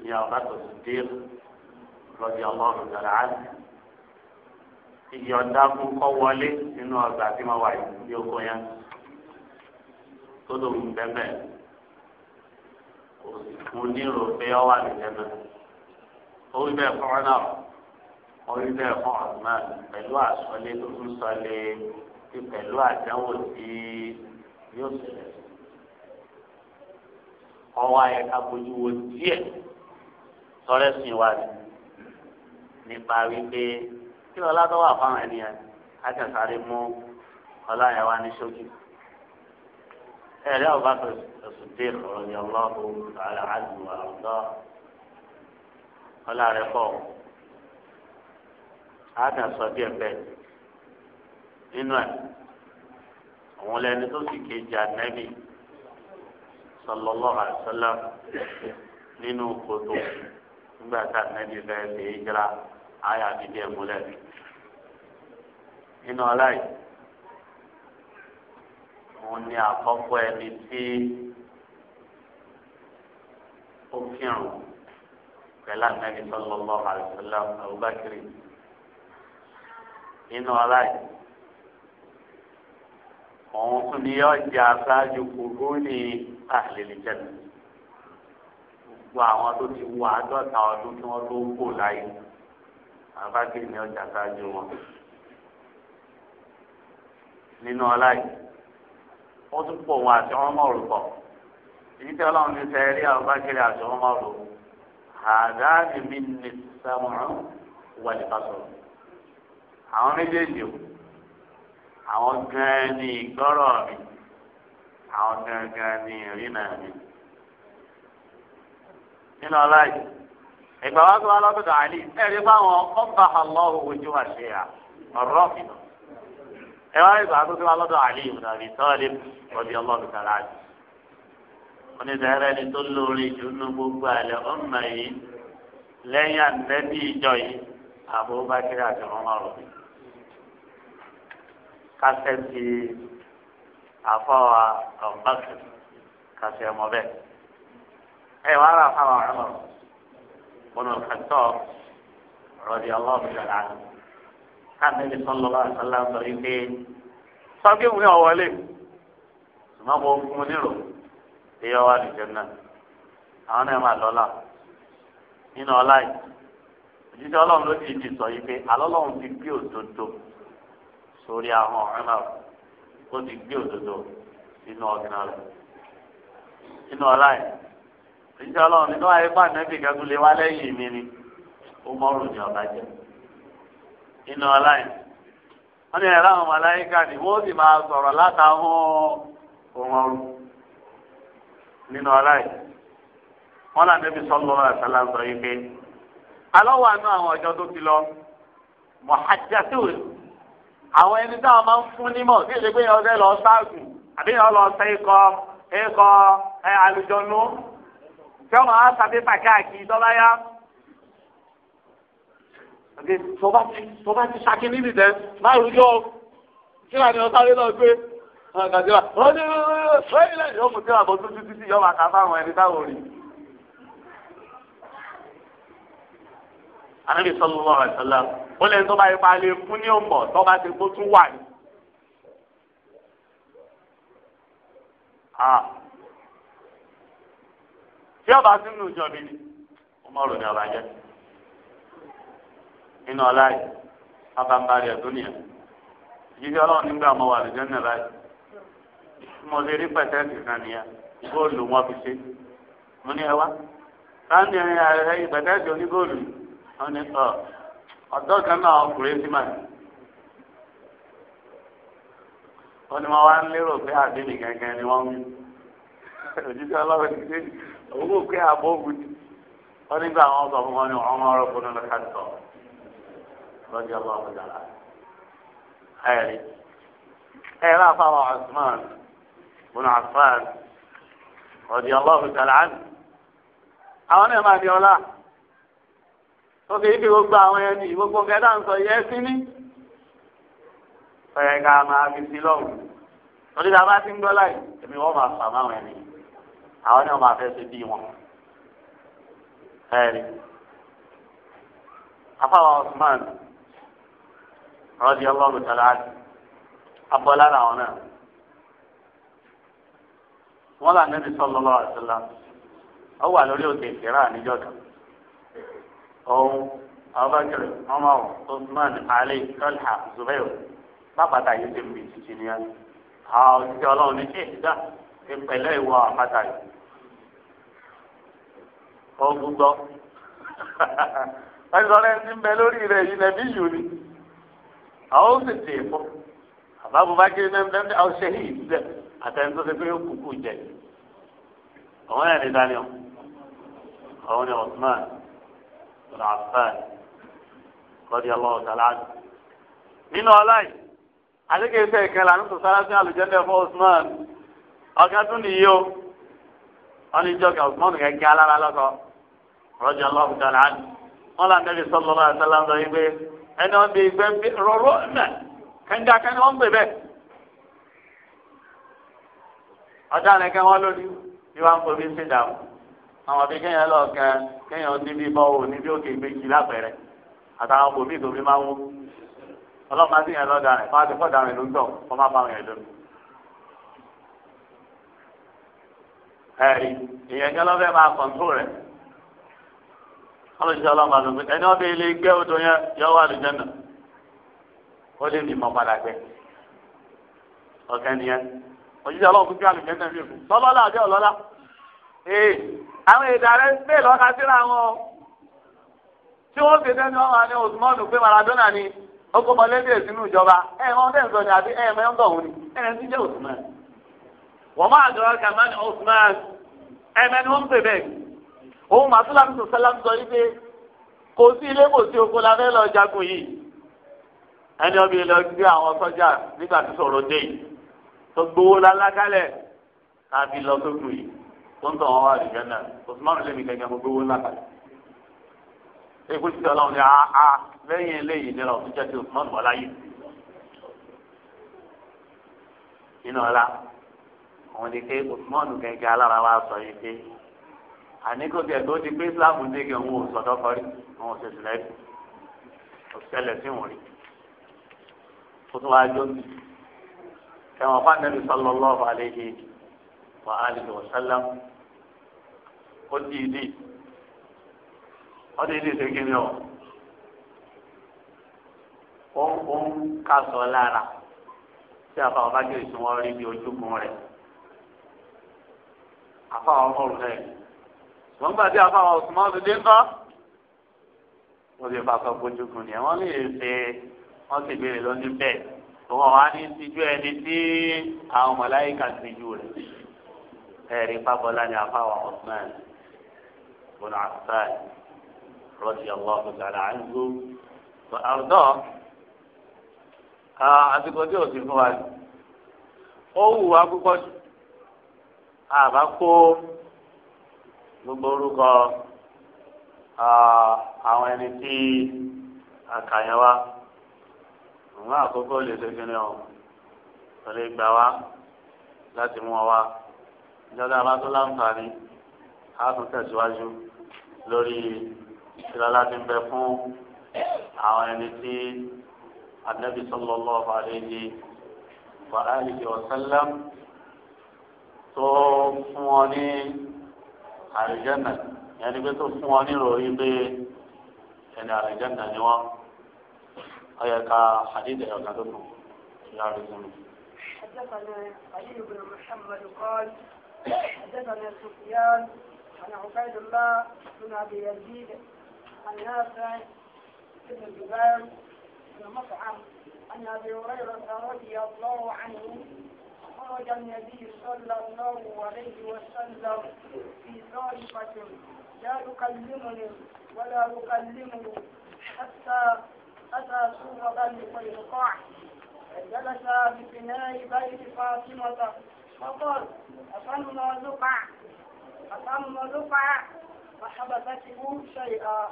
ní ọba tó ti dé radiyallahu ta'ala anhu ìyọ̀ǹda fún kọ́ wọlé nínú ọgbà tí mo wà yìí ní oko yẹn tó lòun bẹ́ẹ̀ bẹ́ẹ̀ kò sì fún nírò pé ọ wà nìyẹn náà ó rí bẹ́ẹ̀ fún náà ó rí bẹ́ẹ̀ fún ọ̀sán pẹ̀lú àsọlé tó tún sọlé àti pẹ̀lú àdánwò tí yóò ṣẹlẹ̀. ọwọ́ ayẹ ká díẹ̀ sọ́rẹ́sìn wa ni nípa wípé kí lọ́lá tó wà fáwọn ènìyàn àtẹ̀sáré mú ọlá yẹn wá ní ṣókí. ẹ̀rí ọba fẹ̀sùn dé ìrọ̀rùn ní ọlọ́ọ̀bù ààrẹ àdùn àwùjọ ọlá rẹ̀ pọ̀ àtẹ̀sọ́ díẹ̀ bẹ́ẹ̀ nínú ẹ̀ òun lẹni tó sì kejì ànẹ́bì sallallahu alaihi wasallam nínú kòtò nígbà tá ànẹ́bì fẹ́ lè jira àyà bíbí ẹ̀ múlẹ̀ bí. nínú aláì òun ni àkọ́kọ́ ẹni tí ó kírun pẹ̀lú ànẹ́bì sallallahu alaihi wasallam Abubakar nínú aláì òun tún ni yóò jẹ aṣáájú kúrú ní àlèlèjẹnu gbogbo àwọn tó ti wọ àádọ́ta ọdún kí wọ́n tó kó láyé àbákiri ni ọjà aṣáájú wọn nínú ọlá yìí wọ́n tún pọ̀ wọn àti wọn mọ̀ rúbọ̀ èyí tí ọlọ́run ti sẹ́ rí àbákiri àti wọn mọ̀ rú àdáàbí mi ní sàmùrán wà ní pásọ̀rọ̀ àwọn méjèèjì o. àwọn gan ni ìgbọ́rọ̀ mi àwọn gangan ni ìrìnà mi nínú ọlá yìí ìgbà wa tó wá lọ́dọ̀ àlì ẹ̀rí ọba àlọ́hùn ojú wa ṣe à ọ̀rọ̀ mi nà ẹ wá ìgbà tó tó wá lọ́dọ̀ àlì ìmùnà mi sọ́ọ̀lì ọ̀dì ọlọ́dún kan láti onídàárẹ́ ni tó lórí ìdùnnú gbogbo àlẹ́ kásẹ̀tì àfọwà ọ̀bákì kásẹ̀ ọmọ bẹ́ẹ̀. ẹ wàá rà fáwọn ọ̀rọ̀ bọ́nà kàtọ́ rọ̀dì ọlọ́ọ̀bù yàrá káàmìlì sọlọ́lá àtàlà sọ wípé sọ́kì wúni ọ̀wọ́lé ṣùgbọ́n mo fún un nírò ìyá wa nìjẹ́ náà àwọn náà máa lọ́la nínú ọlá yìí òjíṣẹ́ ọlọ́run ló ti di sọ yìí pé alọ́lọ́run ti gbé òdodo. sórí ahụ ọ̀rẹ́ náà ó ti gbé òdodo sínú ọ̀gá rẹ̀ sínú ọ̀la yìí ìṣẹ́ ọlọ́run nínú ayé fún ànẹ́bì kẹ́kọ̀ọ́ wá lẹ́yìn mi ni ó mọ́rùn ní ọ̀la jẹ́ ọ̀la wọ́n ní ẹ̀rọ àwọn ni wọ́n sì máa sọ̀rọ̀ nínú ọ̀la wọ́n pé àwọn ọjọ́ tó ti lọ àwọn ẹni táwọn máa ń fún nímọ̀ bí èdè pé yẹn ọdẹ lọ sáàkù àbí yẹn lọ sẹ ikọ ikọ ẹ àlùjọnu tí wọn á sàbí pàkíyàkí tọ́lá yá tọ́ba ti tọ́ba ti sàkí níbi tẹ máa rújọ kíra ni ọ̀sán lé lọ gbé ọ̀gàdìrà ọ̀dẹ́rẹ́rẹ́ ọ̀dẹ́rẹ́ yọ̀ọ́ mú kíra bọ́ tó títí yọ̀ọ́ bàtà fáwọn ẹni táwọn rí. anabi sallallahu alaihi wasallam ó lẹ́yìn tó bá yẹ paálé fún ní ọmọ tó bá ti kó tún wà ní. Ah. tí ọba sínú ìjọ mi ni ọmọ rò ní ọba jẹ nínú ọlá yìí ọba ń bá rí ẹ̀tọ́ nìyẹn jíjẹ Ọlọ́run nígbà ọmọ wà lójọ náà báyìí mo lè rí pẹ̀sẹ́ǹtì kan nìyẹn góòlù wọn fi ṣe mo ní ẹ wá sáà ní ẹ pẹ̀sẹ́ǹtì onígóòlù yìí. wọn ọ ọ̀dọ́ kan náà ọkùnrin sí màá wọn ni wọn wá ń lérò pé ala gẹ́gẹ́ ni wọn ń òjíṣẹ́ Ọlọ́run ti dé pé àbọ wọn nígbà fún wọn ni wọn máa rọpò nínú káàtó lọ́jọ́ Ọlọ́run dára ẹrí ẹrí àfàwọn Usman bùnú tó fi ibi gbogbo àwọn ẹni gbogbo nǹkan tá à ń sọ yẹ sí ní. ọ̀rẹ́ ká máa fi sí lọ́wọ́ torí ta bá ti ń gbọ́ láì èmi wọ́n máa fà máwọn ẹni àwọn ni wọ́n máa fẹ́ ṣe bí wọn. ẹ̀rí afáwọn Usman rọ́ọ̀dì ọlọ́run tẹ̀lé àti abọ́lára àwọn náà wọ́n là nẹ́bi sọ́lọ́lọ́ àti sọ́lá ọ wà lórí òkè ìkẹ́rà níjọ́ kan òun abubakar umar usman ali talha zubair pápátá yìí ti mú ìtìtì ní ẹ àwọn òṣìṣẹ́ ọlọ́run ní ṣèṣìdá ìpẹ̀lẹ́ ìwọ àpáta yìí ọ̀hún gbọ́ wọ́n sọ lẹ́yìn tí ń bẹ lórí rẹ̀ yìí lẹ́bí yìí ni àwọn ó sì tì í fún àbá abubakar náà bẹ́ẹ̀ ní àwọn ṣẹ́yìn ìdílé àtẹnudó ti pé kúkú jẹ àwọn ẹ̀rí dání o àwọn ni Osman. بن عفان رضي الله تعالى عنه nínú ọláì àdéhùn ìfẹ́ ìkẹlẹ̀ àdúgbò sáláṣí àlùjẹ́ndẹ̀ fún Usman ọ̀gá tún nìyí o wọ́n ní jọ́gà Usman gẹ́gẹ́ alára lọ́kọ̀ rọ́jà lọ́kùn tàlà ánì wọ́n là nẹ́bí sọ́lọ́ lọ́wọ́ àtàlà ń lọ yí pé ẹni wọ́n bí gbẹ́ bí rọ̀rọ̀ ẹ̀mẹ̀ kẹ́ńdà kẹ́ni wọ́n ń gbé bẹ́ẹ̀. àwọn bí kéèyàn lọ kẹ kéèyàn níbi bọ́wọ́ níbi òkè méjì lápẹ̀rẹ̀ àtàwọn kò bí tòmí máa ń wó ọlọ́pàá sì yẹn lọ́dà rẹ̀ fún àti fọ́dà rẹ̀ ló ń tọ̀ kọ́ má báwọn yẹn lómi. ẹ̀rí ìyẹn kẹ́ lọ́fẹ́ máa kọ̀ǹtó rẹ̀ ọlọ́síṣẹ́ ọlọ́pàá ló ń pè ẹni ọbẹ̀ ilé gbé odò yẹn yọ wà lójẹ́ nà ó lè bímọ padà gbẹ ọ̀kẹ́ nìyẹn òṣìṣẹ́ ọlọ́pàá ee àwọn èdè ààrẹ ń gbé lọ́ka síra wọn tí wọ́n fi dẹ́nu ọmọ ní osmọ́nù pé Maradona ni ó kó mọ lẹ́bí èsì nínú ìjọba ẹ̀ wọ́n fẹ́ sọ ní àbí ẹ̀ mẹ́ ń dọ̀hún ni ẹ̀ ń díjẹ́ Osman wọ́n máa dọ̀rọ̀ kàmá ní Osman ẹ̀ mẹ́ ni wọ́n ń pè bẹ́ẹ̀ òun màtúlá mi sọ sẹ́lá sọ yí pé kò sí ilé kò sí oko la fẹ́ lọ jagun yìí ẹni ọbẹ̀ lọ gbé àwọn sọ́jà nígbà tó sọ̀rọ̀ dé yìí tó gbowó lálákálẹ̀ tàbí lọ sókun yìí tó ń tọ̀ wọ́n wá àdìgẹ́ náà Usman lèmi gẹ́gẹ́ mo gbówó ńlá kalẹ̀. èkó ti sọ̀rọ̀ ní àá lẹ́yìn eléyìí nira òtún jẹ́ ti Usman bọ̀ láyé. nínú ọ̀la àwọn ni pé Usman gẹ́gẹ́ alára wa sọ yìí pé àníkò tẹ̀ tó ti pé Islam ń dégé òun ò sọ̀dọ̀ kọrí òun ò sèṣù lẹ́bi ò sí wọn ó tún wáá jó ẹ̀wọ̀n fún Ànábì sallallahu alaihi wa alihi wa sallam ó di ìdí ó di ìdí ṣe kíni o ó ń ká sọ lára tí a fa ọba jẹ ìsúnmọ́ rí bí ojúkun rẹ̀ afa ọmọ rẹ̀ náà wọ́n gbà tí a fa ọmọ Usman ti dé ńkọ́ wọ́n ti fa ọkọ̀ ojúkun ni wọ́n lè ṣe wọ́n sì béèrè lọ́ní bẹ́ẹ̀ wọ́n wá ní tijú ẹni tí àwọn mọ̀láyìí kan tijú rẹ̀ ẹ̀rí pápọ̀lá ni a fa ọmọ Usman rẹ̀. بن عفان رضي الله تعالى عنه وأرضاه àti kò tí ò sí fún wa ni ó wù wá púpọ̀ jù gbogbo orúkọ àwọn ẹni tí àkàyàn wa àwọn àkókò a tún tẹ̀síwájú lórí ìṣẹ̀lẹ̀ láti bẹ fún àwọn ẹni tí anabi sallallahu alayhi wa alihi wa sallam tó fún ọ ní àlùjánnà yẹn ni pé tó fún ọ ní ròyìn pé ẹni àlùjánnà ni wọn ọyẹ ká àdídẹ ọ̀gá tó kù ìyá rẹ sọnù. حدثنا علي بن محمد قال حدثنا سفيان عن عبيد الله بن ابي يزيد عن نافع بن الزبير بن مطعم عن ابي هريره رضي الله عنه خرج النبي صلى الله عليه وسلم في طائفه لا يكلمني ولا يكلمه حتى اتى سوق بني قينقاع فجلس بفناء بيت فاطمه فقال اصلنا نقع فثم رفع فحبسته شيئا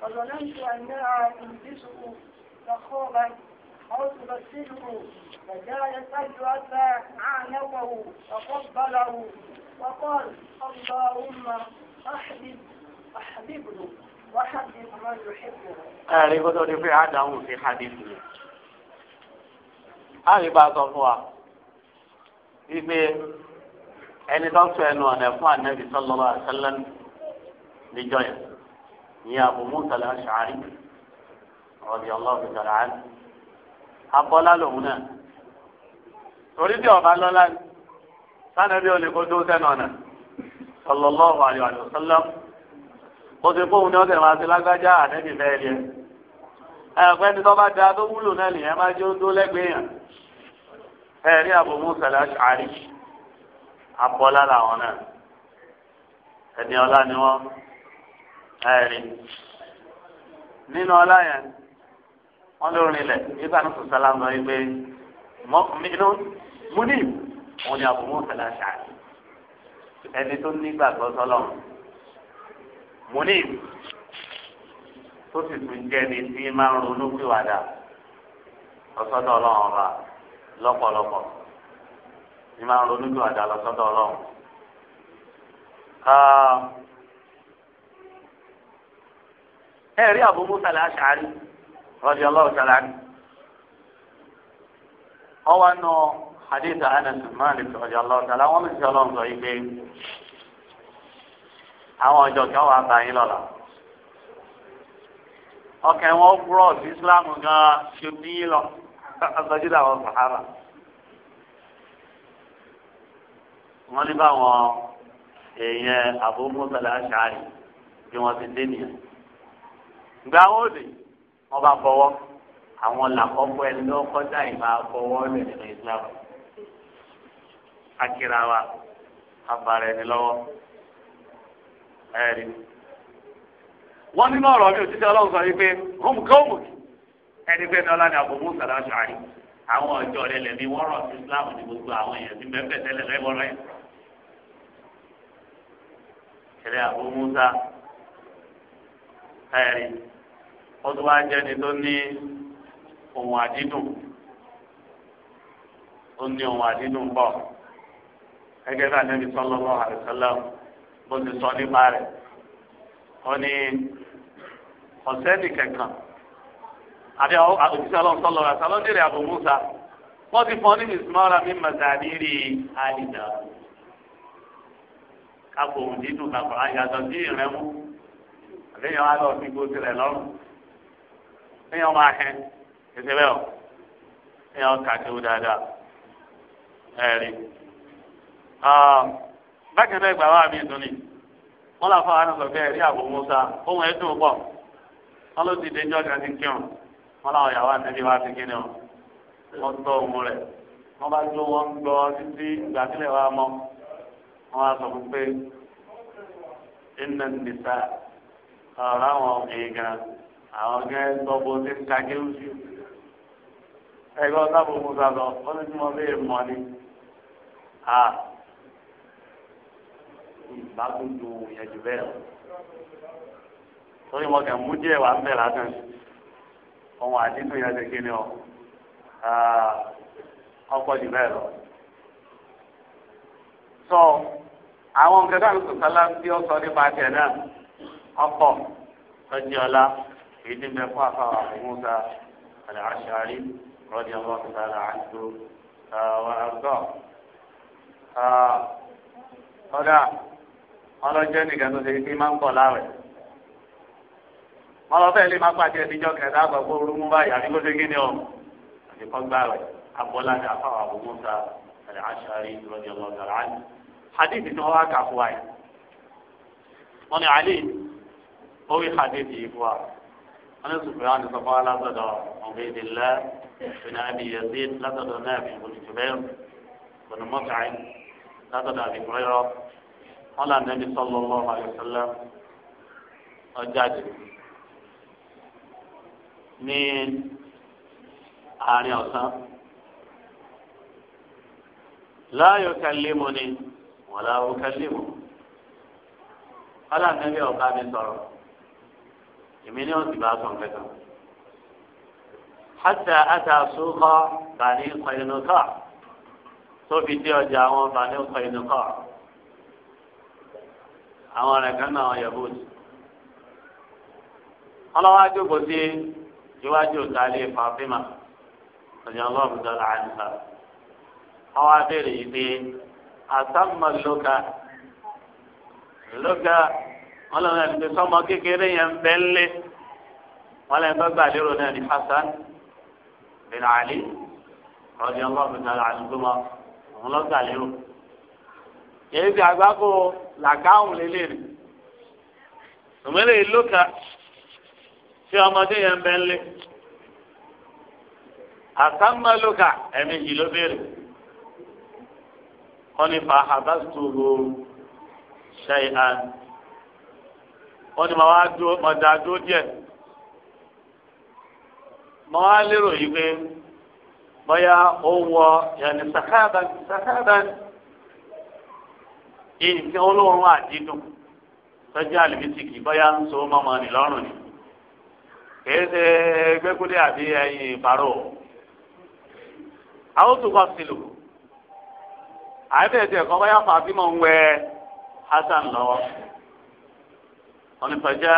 فظننت أنها تلبسه فخورا أو تغسله فجاء يسأل حتى عانوه فقبله وقال اللهم أحبب أحببه وحبب من يحبه. أعرف تقول في عدم في حديثه. أعرف أصلا wípé ẹni tó sọ ẹnu ọ̀nà fún anabi sallallahu alaihi wasallam níjọ yẹn ní Abu Musa al-Ash'ari radiyallahu ta'ala anhu abọ́lá lòun náà torí bí ọba lọ́la sanabi olè kó tó sẹ́nu ọ̀nà sallallahu alaihi wasallam ó ti fóun ní ọ̀sẹ̀ máa ti lágbájá anabi fẹ́ẹ́ rí ẹ ẹ̀fẹ́ ni tó bá da tó wúlò náà nìyẹn máa jó tó lẹ́gbẹ̀ẹ́ yẹn ẹ̀rí Abu Musa al abọ́lá làwọn náà ẹni ọlá ni wọ́n ẹ̀rí nínú ọlá yẹn wọ́n ló rinlẹ̀ nígbà tó sọ̀sálà ń lọ yìí pé mọ́kùnmínú múni òun ni àbùmọ́ sẹ̀lá ṣáàlì ẹni tó nígbàgbọ́ sọlọ́run múni tó sì tún jẹ́ ni tí máa ń ronú pìwàdà ọ̀sọ́dọ̀ ọlọ́run ọba lọ́pọ̀lọpọ̀ ní máa ń ronú ju àdá lọ sọ́dọ̀ ọlọ́run. ẹ rí Abu Musa al-Ash'ari radiyallahu ta'ala anhu. ọwọ́ nù hadith Anas Malik radiyallahu ta'ala wọ́n ti sọ́lọ́ sọ yìí pé àwọn ọjọ́ kí wọ́n wá bá yín lọ́la. ọkàn wọn búrọ̀ sí Islam gan-an ṣe bí lọ. ọ̀sán jíjà sàhárà. wọ́n ní báwọn èèyàn àbómọ́sálà ṣáàrì bí wọ́n ti dé nìyẹn. ìgbà wo lè wọ́n bá fọwọ́ àwọn làkọ́kọ́ ẹni ló kọjá ìmọ̀ àfọwọ́ lẹ̀ nínú Islam. akira wa abàrẹ̀ ni lọ́wọ́ ẹ̀rí. wọ́n nínú ọ̀rọ̀ mi ò títí ọlọ́run sọ wípé hóum kóòmù ẹni pé ní ni àbómọ́sálà ṣáàrì àwọn ọjọ́ rẹ̀ lẹ́ni wọ́n rọ̀ sí Islam ní gbogbo àwọn èèyàn ti mẹ́fẹ̀ẹ́ tẹ́lẹ̀ lẹ́wọ́ rẹ̀ ìrẹ Abu musa ẹrí ó tún wá ni tó ní ohun àdídùn ó ní ohun àdídùn bọ gẹ́gẹ́ bí anabi sallallahu alaihi wasallam bó ti sọ nípa rẹ̀ ó ní ọ̀sẹ̀ nìkẹ̀kan àbí òjíṣẹ́ ọlọ́run sọ́lọ́ rẹ̀ sọ́lọ́ musa wọ́n ti fọ́ ní bisimọ́ra mi màdàní kápò òun dídùn kàkọ́ àyàtọ̀ sí ìrẹ́ mú àbẹ́yẹn wá lọ sí gbóṣe rẹ̀ lọ́rùn ẹ̀yàn máa hẹ́ ẹ̀sẹ̀ bẹ́ẹ̀ o ẹ̀yàn kàkéwò dáadáa ẹ̀rí. Ah, bákan náà ìgbà wa mi dùn ni wọ́n lọ fọwọ́ àwọn ọ̀gbẹ́ ẹ̀rí àbò Musa ohun ẹ̀dùn pọ̀ wọ́n ló ti déjọ́ kan ti kírun wọ́n làwọn ìyàwó àtẹ́bí wa ti kíni o wọ́n tọ́ ohun rẹ̀ wọ́n bá tó wọ́n gbọ́ títí ìgbà wa mọ́ wọn á sọ fún pé iná nìta ọ̀rọ̀ àwọn ọkùnrin gan àwọn gẹ́gẹ́ gbọ́bọ́ tí ń ka géwù sí. ẹgbẹ́ ọ̀sán àbòmù sá lọ wọ́n ti mọ bí èèmọ̀ ni. ìbágbójú yẹn jù bẹ́ẹ̀ lọ torí wọn kàn mú díẹ̀ wà ń bẹ̀ lásán ọmọ àdínkù yẹn ti kíni ọ ọkọ jù bẹ́ẹ̀ lọ àwọn nǹkan kan tó sọlá tí ó sọ nípa tẹ̀ náà ọ̀pọ̀ tọ́jú ọlá èyí ti bẹ fún àfàwà àbúmúta àlàáṣáárì rọ́ọ̀dì ọlọ́ọ̀tà àlàáṣó àwọn àgbọ̀ ọ̀dà ọlọ́jẹ́ nìkan tó ṣe kí máa ń pọ̀ láwẹ̀ ọlọ́fẹ́ lè má pàṣẹ ìdíjọ́ kẹta àgbàgbọ́ orúmú báyìí àdúgbò ṣe kí ni ọ àdìkọ́gbà rẹ̀ abọ́lá ni àfàwà àbúmúta àlàáṣáárì rọ́ọ̀dì ọlọ́ọ̀tà àlàáṣó hadith ni wọ́n wá kà fún wa yìí wọ́n ní ali ó wí hadith yìí fún wa wọ́n ní sùfìyàn ní sọ́kọ́ alásọ̀dọ̀ ọ̀gbẹ́dìlá bin abi yazid lásọ̀dọ̀ náà bin olùjùbẹ́rù bin mọ́tàì lásọ̀dọ̀ àbí kúrẹ́rọ́ wọ́n là nẹ́bí sallallahu alaihi wasallam ọjáde ní àárín ọ̀sán láàyò kẹlẹ́mọ́ni wọ́n la wọ́n kẹ́lí mọ́ ọlọ́run níbi ọ̀gá mi sọ̀rọ̀ èmi ní òsì bá sọ̀ nǹkan kan hàtà àtà sókọ́ bàní kọ̀ìnùkọ́ tó fi dé ọjà àwọn bàní kọ̀ìnùkọ́ àwọn ọ̀rẹ́ kan náà yẹ̀ bóòtù ọlọ́wọ́ àjòkò sí iwájú ìtàlẹ̀ Fàtímà ọ̀jà ọlọ́run àdìsá ọwọ́ abẹ́rẹ́ yìí pé àtàmà lóga lóga wọn lọ rẹ nígbè sọmọ kékeré yẹn bẹ ńlẹ wọn lọ bá gbà lérò náà ní Hasan bin Ali rọdí ọlọ́run náà àdúgbò wọn lọ gbà lérò èyí ti àgbákò làkàhùn lélẹrìí tòmẹlẹ lóka tí ọmọdé yẹn bẹ ńlẹ lóga ẹ̀mí yìí ló béèrè wọ́n ní fa àbáṣòro ṣayán wọ́n ní màá dúró màdà dúró díẹ̀ màá lérò yìí pé bóyá ó wọ yàní sàkáàbàn sàkáàbàn ìyìnkí olóorun àdídùn tọ́jú àlùbísìkì bóyá ń so mọ́mọ́ ni lọ́rùn ni kìí ṣe gbẹ́kúndé àbí ẹyin ìparọ́ àwọn tó kọ́ sílùú àyẹ̀fẹ̀sẹ̀ ẹ̀kọ́ báyà Fàtímọ̀ ń wẹ Hasan lọ́wọ́ ọ̀nìfọ̀já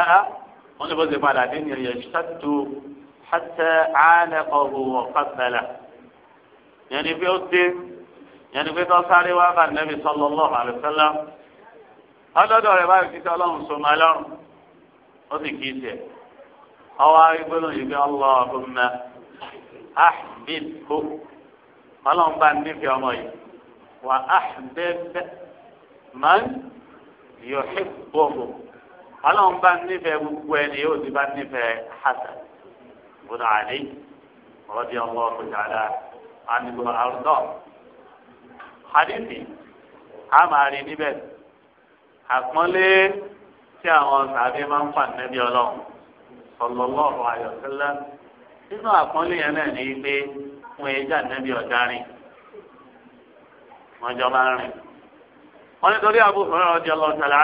ọ̀nìfọ̀sẹ̀ padà dé ní ẹ̀yẹ ṣáàtú hàtẹ́ àánẹ́kọ̀ọ́ ọ̀kàtàlà yẹn ni bí ó dé yẹn ni bí tó sáré wá bá nẹ́bí sallallahu alaihi wasallam ọlọ́dọ̀ rẹ̀ báyìí fi tẹ́ ọlọ́run sọmọ ẹlọ́run ó sì kí í tiẹ̀ ọwọ́ arígbóná yìí bí Allahumma ahbibhu ọlọ́run bá nífẹ̀ẹ́ ọmọ yìí. وأحبب من يحبه ọlọ́run bá nífẹ̀ẹ́ gbogbo ẹni yóò ti bá nífẹ̀ẹ́ hasan bùnà àlẹ́ ọ̀rọ̀dì ọmọ ọ̀kùnjáda ànìgbò àrùtọ̀ hadithi a máa rí níbẹ̀ àpọ́nlé tí àwọn sàbí máa ń fà nẹ́bí ọlọ́run sallallahu alaihi wasallam nínú àpọ́nlé yẹn náà ní pé wọ́n yẹ jà nẹ́bí ọ̀darin wọn jọ máa rìn wọn nítorí Abu Hurairah radiyallahu ta'ala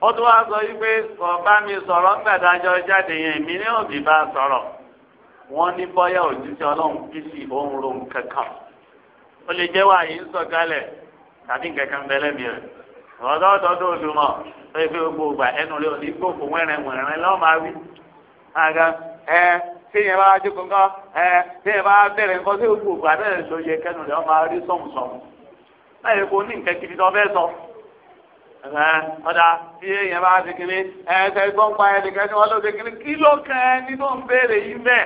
ó tún wá sọ wípé ọba mi sọ̀rọ̀ gbàdájọ́ jáde yẹn mi ní òbí bá sọ̀rọ̀ wọn ní bọ́yá òjíṣẹ́ ọlọ́run kí sí òun ro kankan ó lè jẹ́ wà yìí ń sọ gálẹ̀ tàbí kankan bẹ́lẹ̀ mi rẹ̀ ọ̀dọ́dọ́dọ́ olùmọ̀ ó yẹ kí gbogbo ìgbà ẹnu rẹ̀ ò ní gbòkó wẹ́rẹ̀ wẹ́rẹ̀ máa wí. àga ẹ tíyẹn bá jókòó nǹkan ẹ tíyẹn bá bẹ̀rẹ̀ nǹkan tí gbogbo ìgbà bẹ̀rẹ̀ ló yẹ kẹ́nu ọ máa rí sọ̀mùsọ̀mù láì rí kó ní nǹkan kiri tó fẹ́ sọ. ọ̀dà tí èèyàn bá ti kiri ẹ̀ẹ́dẹ̀ gbọ́n pa ẹnìkan tí wọ́n ló ti kiri kí ló kan ẹni tó ń béèrè yìí mẹ́.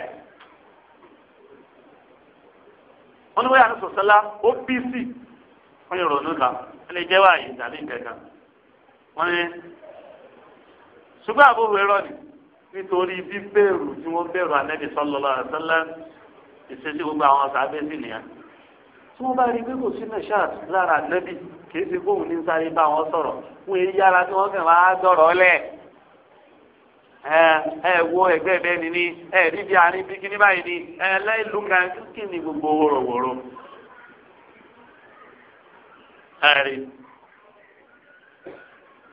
wọ́n ní wọ́n yà ní sọ̀sọ́lá ó bí sí wọ́n yóò ronú kan wọ́n lè jẹ́ wáyé tàbí kẹ̀kẹ́ wọ́n ní ṣùgbọ́n àbúrò ẹ̀rọ ni nítorí bíbẹ̀rù tí wọ́n bẹ̀rù ànẹ́bí sọ́lọ́lá ìṣesí gbogbo àwọn sàbẹ́sì nìyẹn tí wọ́n bá rí pé kò sí nashat lára nẹ́bí kì í ṣe kóhun ní sáré bá wọn sọ̀rọ̀ fún èyí yára tí wọ́n kàn máa dọ̀rọ̀ lẹ̀ ẹ ẹ wo ẹgbẹ́ bẹ́ẹ̀ ni ni ẹ rí bí arín bí kíní báyìí ni ẹ láìlú kan kí ni gbogbo wòròwòrò ẹ rí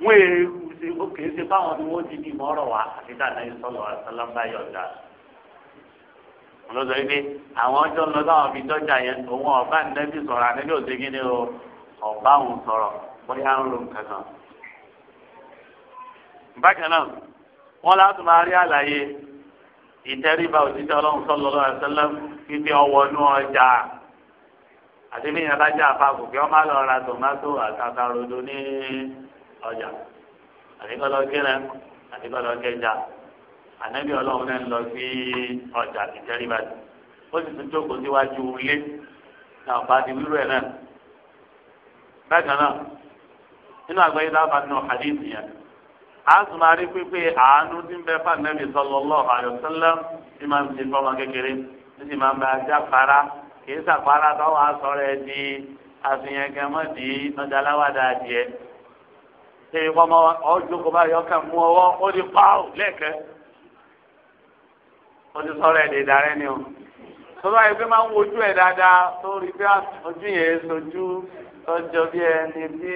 wọ́n èrè kùsì ó kì í ṣe báwọn ni wọ́n ti di mọ́rọ̀ wá àti dáadáa ìsọ̀rọ̀ àtàlámbáyọ̀ dáa lọ́sọ̀ yìí pé àwọn ọjọ́ lọ táwọn fi dọ́jà yẹn òun ọ̀bá nẹ́bí sọ̀rọ̀ ànẹ́bí ò segin ní o ọ̀bá òun sọ̀rọ̀ bóyá ń lo nǹkan kan. bákan náà wọ́n láti máa rí àlàyé ìtẹríba òtítọ́ ọlọ́run sọ́lọ́ lọ́wọ́ ẹ̀sẹ̀lẹ̀ fífi ọwọ́ inú ọjà àti bí yẹn bá jẹ́ àpapọ̀ kí wọ́n má lọ ra tòmátò àtàkàrodo ní ọjà àtikọ́lọ́gẹ́rẹ́ àtikọ́lọ́gẹ́jà ànábì ọlọ́run náà lọ sí ọjà ìtẹ́ríba ó sì tún jókòó síwájú ilé náà bá di wíwú ẹ̀ náà. bákan náà nínú àgbáyé dábàá nínú hadith yẹn a tún máa rí pípé àánú tí ń bẹ fún ànábì sallallahu alaihi wasallam tí máa ń ti fọmọ kékeré tí sì máa ń bá ajá para kì í sàpárá táwọn asọ̀rọ̀ ẹ di àfihàn kẹmọ́dì ọjà aláwàdà adìẹ ṣé ìfọmọ ọjọ́ kò bá yọ kàn mú ọwọ́ ó di pààrọ̀ lẹ́ẹ̀kẹ́ ó ti sọ̀rọ̀ ẹ̀ dèdàrẹ́ ni o tó bá yẹ pé máa ń wojú ẹ̀ dáadáa tó rí bí ojú yẹn sojú tọ́jọ́ bí ẹni bí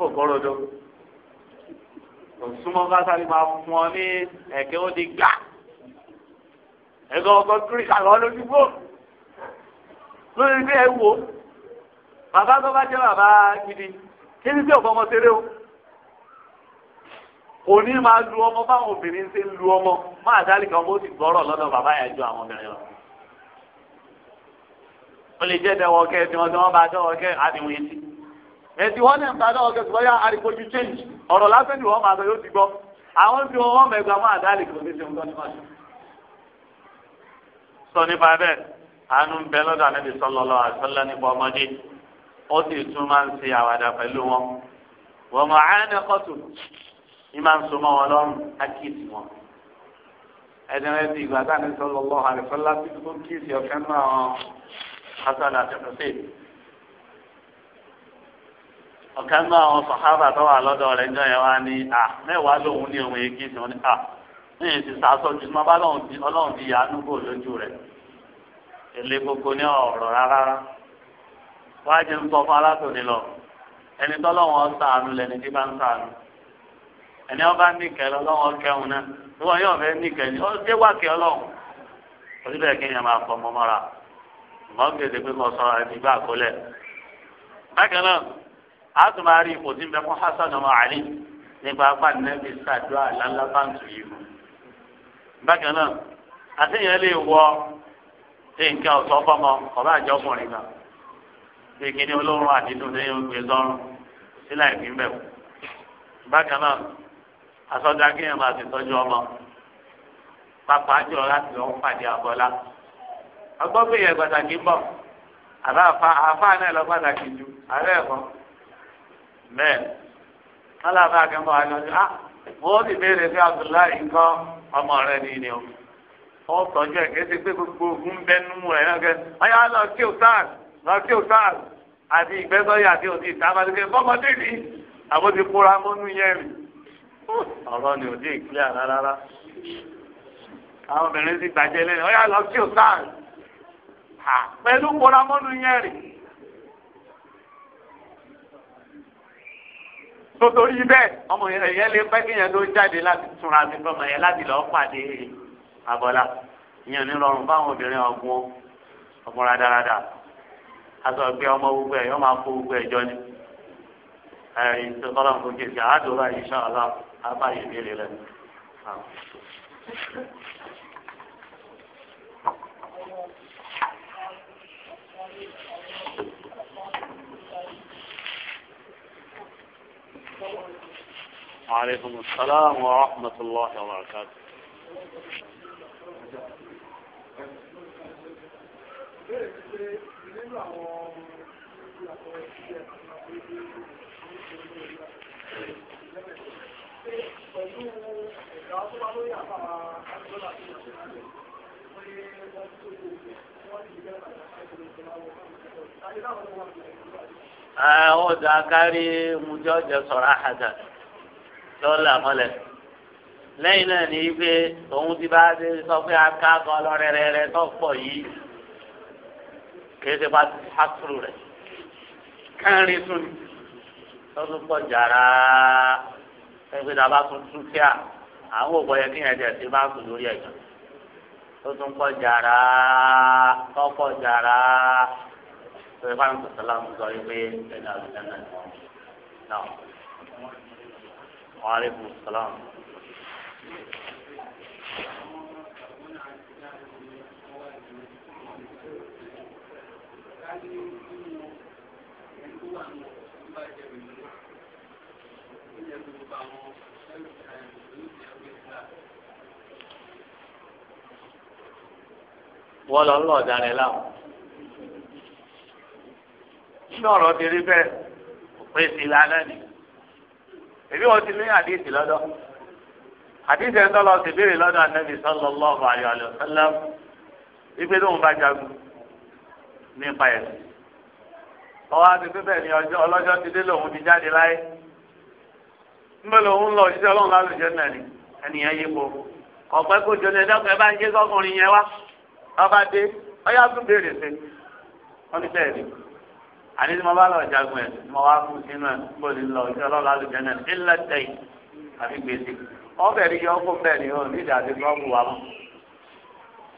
kòkòrò do òsúmọ́ kásárì máa fún ọ ní ẹ̀kẹ́ ó di gbà ẹ̀kọ́ ọkọ̀ kiri kàlọ́ lójú gbò lórí bí ẹ wò bàbá tó bá jẹ́ bàbá gidi kí ni bí ọ̀pọ̀ ọmọ tẹ́lẹ̀ o kò ní máa lu ọmọ báwọn obìnrin ṣe ń lu ọmọ máa dálé kan bó ti gbọ́rọ̀ lọ́dọ̀ bàbá yẹn ju àwọn obìnrin lọ. ó lè jẹ́ dẹwọ́ kẹ́ tí wọ́n tí wọ́n bá dọ́wọ́ kẹ́ àdìwọ̀n etí. ẹ̀sìn wọn náà ń ta dọ́wọ́ kẹ́ ṣùgbọ́n yá àríkójú change ọ̀rọ̀ lásán ni wọ́n máa sọ yóò ti gbọ́. àwọn tí wọ́n mẹ́gbà máa dálé kan bí ṣeun tọ́ni máa sọ nípa bẹ́ẹ̀ àánú ń bẹ lọ́dọ̀ ànábì sallallahu alaihi wasallam nípa ọmọdé ó sì tún máa ń ṣe àwàdà pẹ̀lú wọn. wọ́n mọ̀ àánú ní máa ń so mọ́ wọn lọ́rùn ákíyèsí wọn. ẹ̀dẹ̀rẹ̀ ti ìgbà tá a ní sọ́lọ́ lọ́wọ́ àlùfọ́lá tí kò kíyèsí ọ̀fẹ́ náà hasan àti hussein. ọ̀kan náà àwọn sàhábà tó wà lọ́dọ̀ rẹ̀ ń jọyọ̀ wá ní à mẹ́wàá lòun ní òun yìí kíyèsí wọn ní à ní èsì sàásọ́jú tí wọ́n bá ọlọ́run ti yàánú kò lójú rẹ̀ èlé gbogbo ní ọ̀rọ̀ rárá wájú ń sọ fún alátòní lọ ẹni tọ́lọ́wọ́n sàánú lẹni tí bá ń sàánú ẹni ọba níkẹ́ lọ́wọ́ kẹ́hùn náà ìwọ yóò fẹ́ níkẹ́ ni ó dé wákẹ́ ọlọ́run oníbẹ̀ kí èèyàn máa fọ ọmọ mọ́ra mọ́ ń gbèdé pé mo sọ ẹni gbà kólẹ̀. bákan náà a tún máa rí ipò tí ń bẹ fún Hasan ọmọ àlí nípa apá nẹ́bí sàdúrà lálàbàǹtù yìí mu. bákan náà àtẹ̀yìn lè wọ nǹkan ọ̀tọ̀ fọmọ ọba àjọ ọkùnrin náà bí kíní olóorun àdídùn ní ìgbésọ́rùn sílẹ̀ ìpínbẹ̀ bákan náà asọ́dá kéèyàn máa ti tọ́jú ọmọ pápá jọ láti lọ́ọ́ pàdé àbọ́lá ọgbọ́n pé yẹn pàtàkì ń bọ̀ àbá àfa náà lọ pàtàkì ju àárẹ̀ ẹ̀kọ́ bẹ́ẹ̀ alábà akẹ́kọ̀ọ́ àjọyọ̀ ah wọ́n ti béèrè fún Abdullahi nǹkan ọmọ rẹ̀ ní ni o wọ́n tọ́jú ẹ̀ kéde pé gbogbo ogun bẹ́nu rẹ̀ náà kẹ́ ọ̀yà lọ kí o sáà lọ kí o sáà àti ìgbẹ́sọ̀yà àti òsì ìta àbálẹ́kẹ́ bọ́mọdé ni àbó ti kóra mọ́nú yẹn rìn ọ̀rọ̀ ni ò dé ìpínlẹ̀ rárá àwọn obìnrin ti gbàjẹ́ lẹ́nu ọ̀yà lọ sí òsáàrì pẹ̀lú kóramọ́nù yẹn rì. sotori bẹ́ẹ̀ ọmọ ẹ̀yẹ lè pẹ́ kí yẹn tó jáde láti túnra sí fọmọ yẹn láti lọ́ọ́ pàdé abọ́lá ìyẹn ní rọrùn fáwọn obìnrin ọ̀gbun ọkùnrin adarada aṣọ ọgbẹ ọmọ gbogbo ẹ̀ yọ máa kó gbogbo ẹ̀ jọ ni ẹ̀ ìṣèkọ́lọ́ nǹkan kejì àádọ́rà insha Allah abáyé ìbéèrè lẹ́nu. وعليكم السلام ورحمة الله وبركاته Thank you pẹ̀lú ah, ìdáwọ́ tó wá lórí àbára àjọ́lá tó wà sí àjẹ́ pé wọ́n tó wọ́n ti gbẹ́ àjẹ́ àwọn ọ̀dà kárí mujọ́ jẹ sọ̀rọ̀ àhàdà lọ́la mọ́lẹ̀ lẹ́yìn náà ní pé òun ti bá ṣe sọ pé aká kan lọ tó pọ̀ yìí kì ṣe bá ṣàtúrò rẹ̀ kẹrin tún ni tó tún pọ̀ jàrá ẹgbẹ́ tá tún tún àwọn òpó yẹn kíyàn jẹ sí bá kù lórí ẹ̀gbọ́n tó tún kọ́ jàrá kọ́kọ́ jàrá tó yẹ fáwọn sọ̀tàlá ń sọ wípé ẹ̀dá àlùjá náà ni wọ́n náà wọ́n rí fún sọ̀tàlá. Thank you. wọ́n lọ lọ ọ̀daràn láwọn. nínú ọ̀rọ̀ ti rí bẹ́ẹ̀ òpin sí ni èmi ti ní àdéhìí lọ́dọ̀ àdéhìí ẹ̀ ń tọ́lọ sí ìbéèrè lọ́dọ̀ ànábì sallallahu alaihi wasallam ipe tó ń bá jagun nípa ẹ̀sìn. ọwọ́ àti pípẹ́ ni ọlọ́jọ́ ti dé lòun ti jáde láyé lòun lọ òṣìṣẹ́ ọlọ́run lálùjẹ́ náà ni yípo ọ̀pẹ́ kò jọ ọba dé ọyá tún béèrè sí wọn ní bẹ́ẹ̀ ni àní tí mo bá lọ jagun ẹ tí mo wá fún sínú ẹ kó lè lọ iṣẹ́ ọlọ́run alùjẹ náà ilẹ tẹyìn àfi gbèsè wọn bẹ̀rẹ̀ yọ ọkọ bẹ́ẹ̀ ni wọn nídìí àti gbọmù wa mọ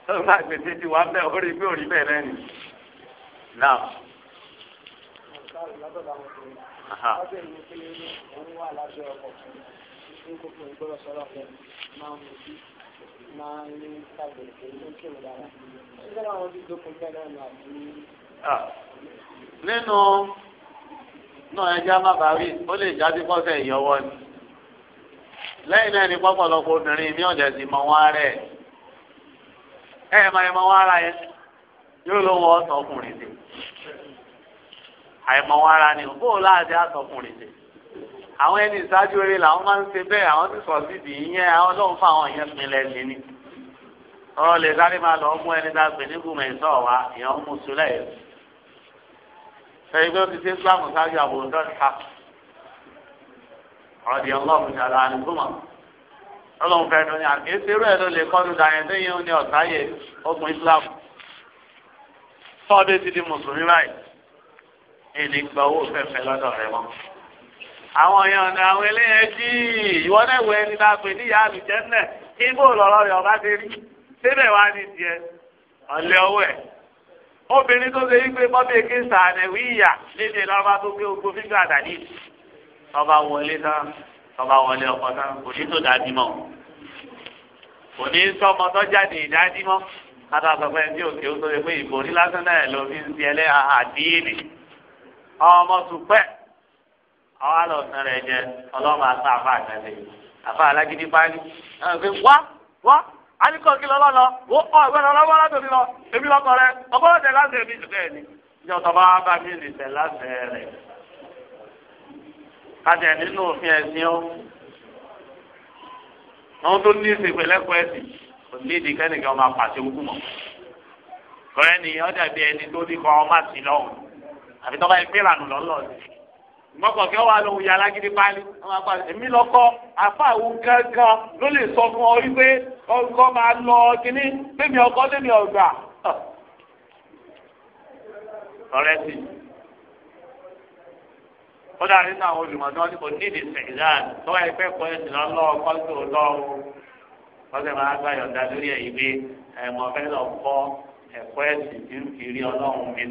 tó bá gbèsè ti wá bẹ́ẹ̀ orí bí orí bẹ́ẹ̀ náà ni náà. Aha máa ah, ń ṣàgbẹ̀sẹ̀ ló ń kírun dára ṣé sábà wọn ti dókun fẹ́ náà ní àbí. nínú náà ẹja má bàa rí ó lè jáde kọ́sẹ̀ ìyọwọ́ ni lẹ́yìn náà ni pọ́pọ́lọpọ̀ obìnrin ní ọ̀dẹ̀ sì mọ wọn rẹ̀ ẹ ẹ̀ máa mọ wọn ara yẹn yóò ló wọ ọ̀sán ọkùnrin sí àìmọ̀ wọn ara ni bóòlù àti àtọkùnrin sí àwọn ẹni ìṣáájú rere làwọn máa ń ṣe bẹ́ẹ̀ àwọn ti sọ síbi ìyẹn àwọn ọlọ́run fún àwọn ìyẹn pinlẹ̀ lẹ́ni ọ̀rọ̀ lè sáré máa lọ mú ẹni tá a pè ní gùnmẹ̀ ìṣọ́ wa ìyẹn mú sùlẹ̀ yẹn fẹ́ẹ́ ti ṣe islam ṣáájú àbòrò dọ́ta ọ̀rọ̀ di ọlọ́run ṣàlà àdúgbò ọlọ́run fẹ́ẹ́ dún ní àti eṣerú ẹ̀ ló lè kọ́nu dàyẹn tó yẹn ní ọ̀tá yẹ ogun islam àwọn èèyàn ní àwọn eléyẹn kí ìwọ náà wọ ẹni náà pè ní ìyá àlùjẹ náà kí bó lọ́rọ̀ rẹ̀ ọba ti rí síbẹ̀ wá ní tiẹ̀ ọ̀lẹ́ ọwọ́ ẹ̀ obìnrin tó ṣe wípé bọ́bí èké sàánẹ̀wì ìyà níbi lọ́ba tó gbé ogun fífi àdàdì ọba wọlé náà ọba wọlé ọkọ náà kò ní tó dàbí mọ́ kò ní sọmọ tó jáde ìdájí mọ́ atasọ̀fẹ́ tí òkè ó tó àwọn àlọ́sàn rẹ̀ jẹ ọlọ́mọ àti àfa àtẹ̀lé àfa alágídí báyìí náà fi wá wá alikọ kí lọlọ lọ wọ ọ ìwé lọlọ wọn emi lọ èmi lọkọ rẹ ọgbọnọ tẹ láti èmi bẹ́ẹ̀ ni ìjọ tọba bá mi lè tẹ láti rẹ kájẹ nínú òfin ẹ̀sìn ó àwọn tó ní ìsìn pẹ̀lẹ́pẹ̀ ẹ̀sìn kò ní ìdí kẹ́nìkan ọmọ ogun ni ọjà bíi ẹni tó ní ọmọ àti mọ́kànkẹ́ wà lóhùn yàrá gidi pálí èmi lọ́kọ́ àfàwù gángan ló lè sọ fún ọ wípé ọkọ máa lọ kínní lémi ọkọ lémi ọgbà. ọ̀rẹ́ sì ó dà nínú àwọn olùmọ̀tán ní kò ní ìdí sẹ̀gíláàdì tó wáyé pẹ́ kọ́ ẹ̀sìn lọ́lọ́ ọkọ́ tó lọ́wọ́ ọ̀sẹ̀ máa gbà yọ̀ǹda lórí ẹ̀yìn pé ẹ̀mọ́ lọ kọ́ ẹ̀kọ́ ẹ̀sìn tí ọlọ́run mi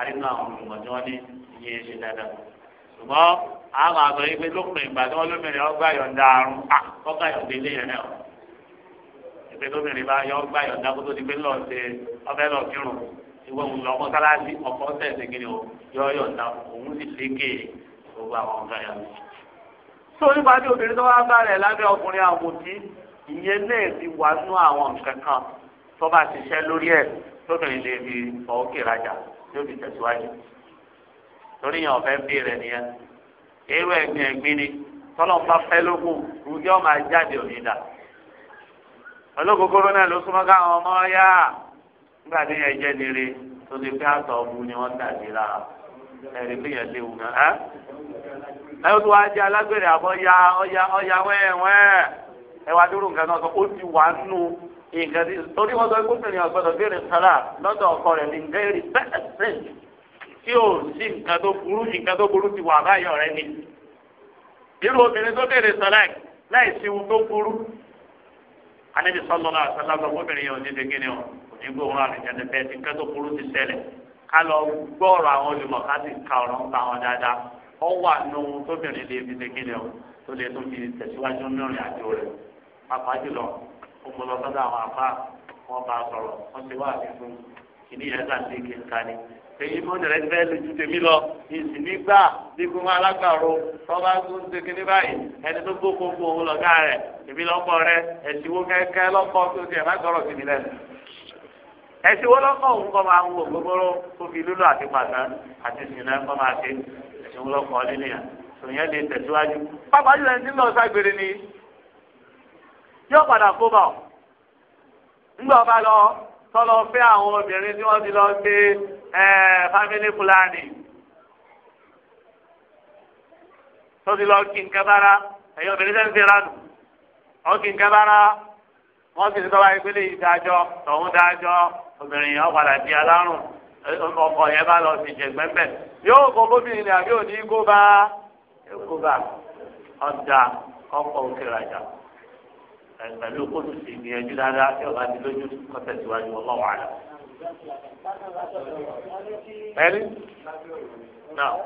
àrínú àwọn olùmọ̀ tí wọ́n ní iye ṣe dáadáa ṣùgbọ́n àwọn àgbà yìí pé lópin ìgbà tí wọ́n lómìnira ọgbà yọ̀ǹda àrùn ọgbà yọ̀ǹda ilé yẹn náà ìpè lómìnira bá yọ ọgbà yọ̀ǹda kó tó di pé lọ ṣe ọbẹ̀ lọ kírun ìwé òun lọ mọ́sálásí ọkọ̀ tẹ̀sẹ̀ kiri o yọ yọ̀ǹda òun sì lékè gbogbo àwọn ọ̀gá yọ̀ǹda. tó nípa bí obìnrin tó wá bá rẹ̀ lábẹ́ ọkùnrin àmòtí ìyẹn náà ti wà nú àwọn nǹkan kan tó bá ṣiṣẹ́ lórí ẹ̀ lóbìnrin lè fi ọ̀ọ́kì rajà tí ó fi tẹ̀síwájú torí yẹn ọ̀fẹ́ bí nìyẹn ewu ẹ̀gbìn ẹ̀gbìn ni tọ́lọ́n bá fẹ́ lókun rúdí ọmọ ajáde òní dà olókokoro náà ló súnmọ́ káwọn ọmọ yá nígbà tí yẹn jẹ́ nire tó ti fi àtọ̀ ọ̀bù ni wọ́n dà sí la ẹ̀rí yẹn léwu ẹ́ tó wá jẹ́ alágbèrè àbọ̀ ya wá dúró nǹkan náà sọ ó ti nǹkan tí torí wọn sọ gómìnà ọgbọ́dọ̀ béèrè sálà lọ́dọ̀ ọkọ rẹ̀ ní nǹkan èrè bẹ́ẹ̀ tí ò sí nǹkan tó burú nǹkan tó burú ti wà báyọ̀ rẹ ni. irú obìnrin tó béèrè sálà láì sí ohun tó burú. anábì sọlọ́lá àtàlágbà gómìnà yẹn ò ní dégé ni ọ kò ní gbóhùn àrùn jẹ́ bẹ́ẹ̀ tí nǹkan tó burú ti ṣẹlẹ̀ ká lọ gbọ́ọ̀rọ̀ àwọn olùmọ̀ ká sì ka ọ̀rọ̀ ń pa wọn dáadáa ọ wà nù tóbìnrin lè fi dégé ni ọ tó lè tó fi tẹ̀síwájú mìíràn àjò rẹ̀ pàpà jùlọ ó kó lọ sọ́dọ̀ àwọn àfa wọn bá sọ̀rọ̀ wọn ti wá àbí fún kìíní yẹn kà sí kíkà ni èyí mo nìrẹ fẹ́ lójú tèmi lọ ìsìn nígbà nígbà wọn alágbàro tọ́ba tún ṣe kíní báyìí ẹni tó gbó gbogbo òun lọ́gá rẹ̀ èmi lọ́kọ̀ rẹ ẹ̀sìnwó kẹ́kẹ́ lọ́kọ̀ tó tiẹ̀ má sọ̀rọ̀ sí mi lẹ́nu ẹ̀sìnwó lọ́kọ̀ òun kọ́ máa ń wo gbogbooro tó fi lúlù àti pàtàn àti sìnà kọ́ máa ṣe ẹ̀sìnwó lọ́kọ̀ lílẹ̀ yẹn tòun yẹn lè tẹ̀síwájú pápá yóò padà kó bá ọ ńgbà ọba lọ tọlọ fẹ́ àwọn obìnrin tí wọ́n ti lọ ṣe family planning tó ti lọ kí nǹkan bára ẹyọ obìnrin sẹ́ni ti ránù wọ́n kí nǹkan bára wọ́n ti tọ́ba ìpínlẹ̀ tọ̀hún dájọ́ obìnrin yẹn padà di alárùn ọkọ yẹn bá lọ sí yóò ni àbí òní kó bá kó bá ọjà ọkọ̀ pẹ̀lú kóòtù sí ìgbìyànjú dáadáa tí ọba ti lójú kọ́tẹ̀ síwájú ọlọ́wọ́ àlọ́. ẹni náà.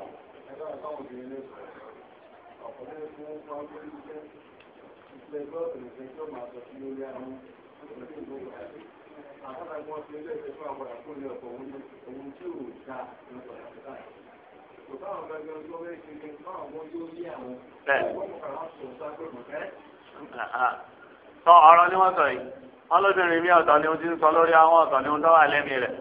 Thank sọ ọ̀rọ̀ ni wọ́n sọ yìí wọ́n lóbìnrin mi ọ̀tọ̀ ni ohun ti ń sọ lórí àwọn ni ohun tó wà mi rẹ̀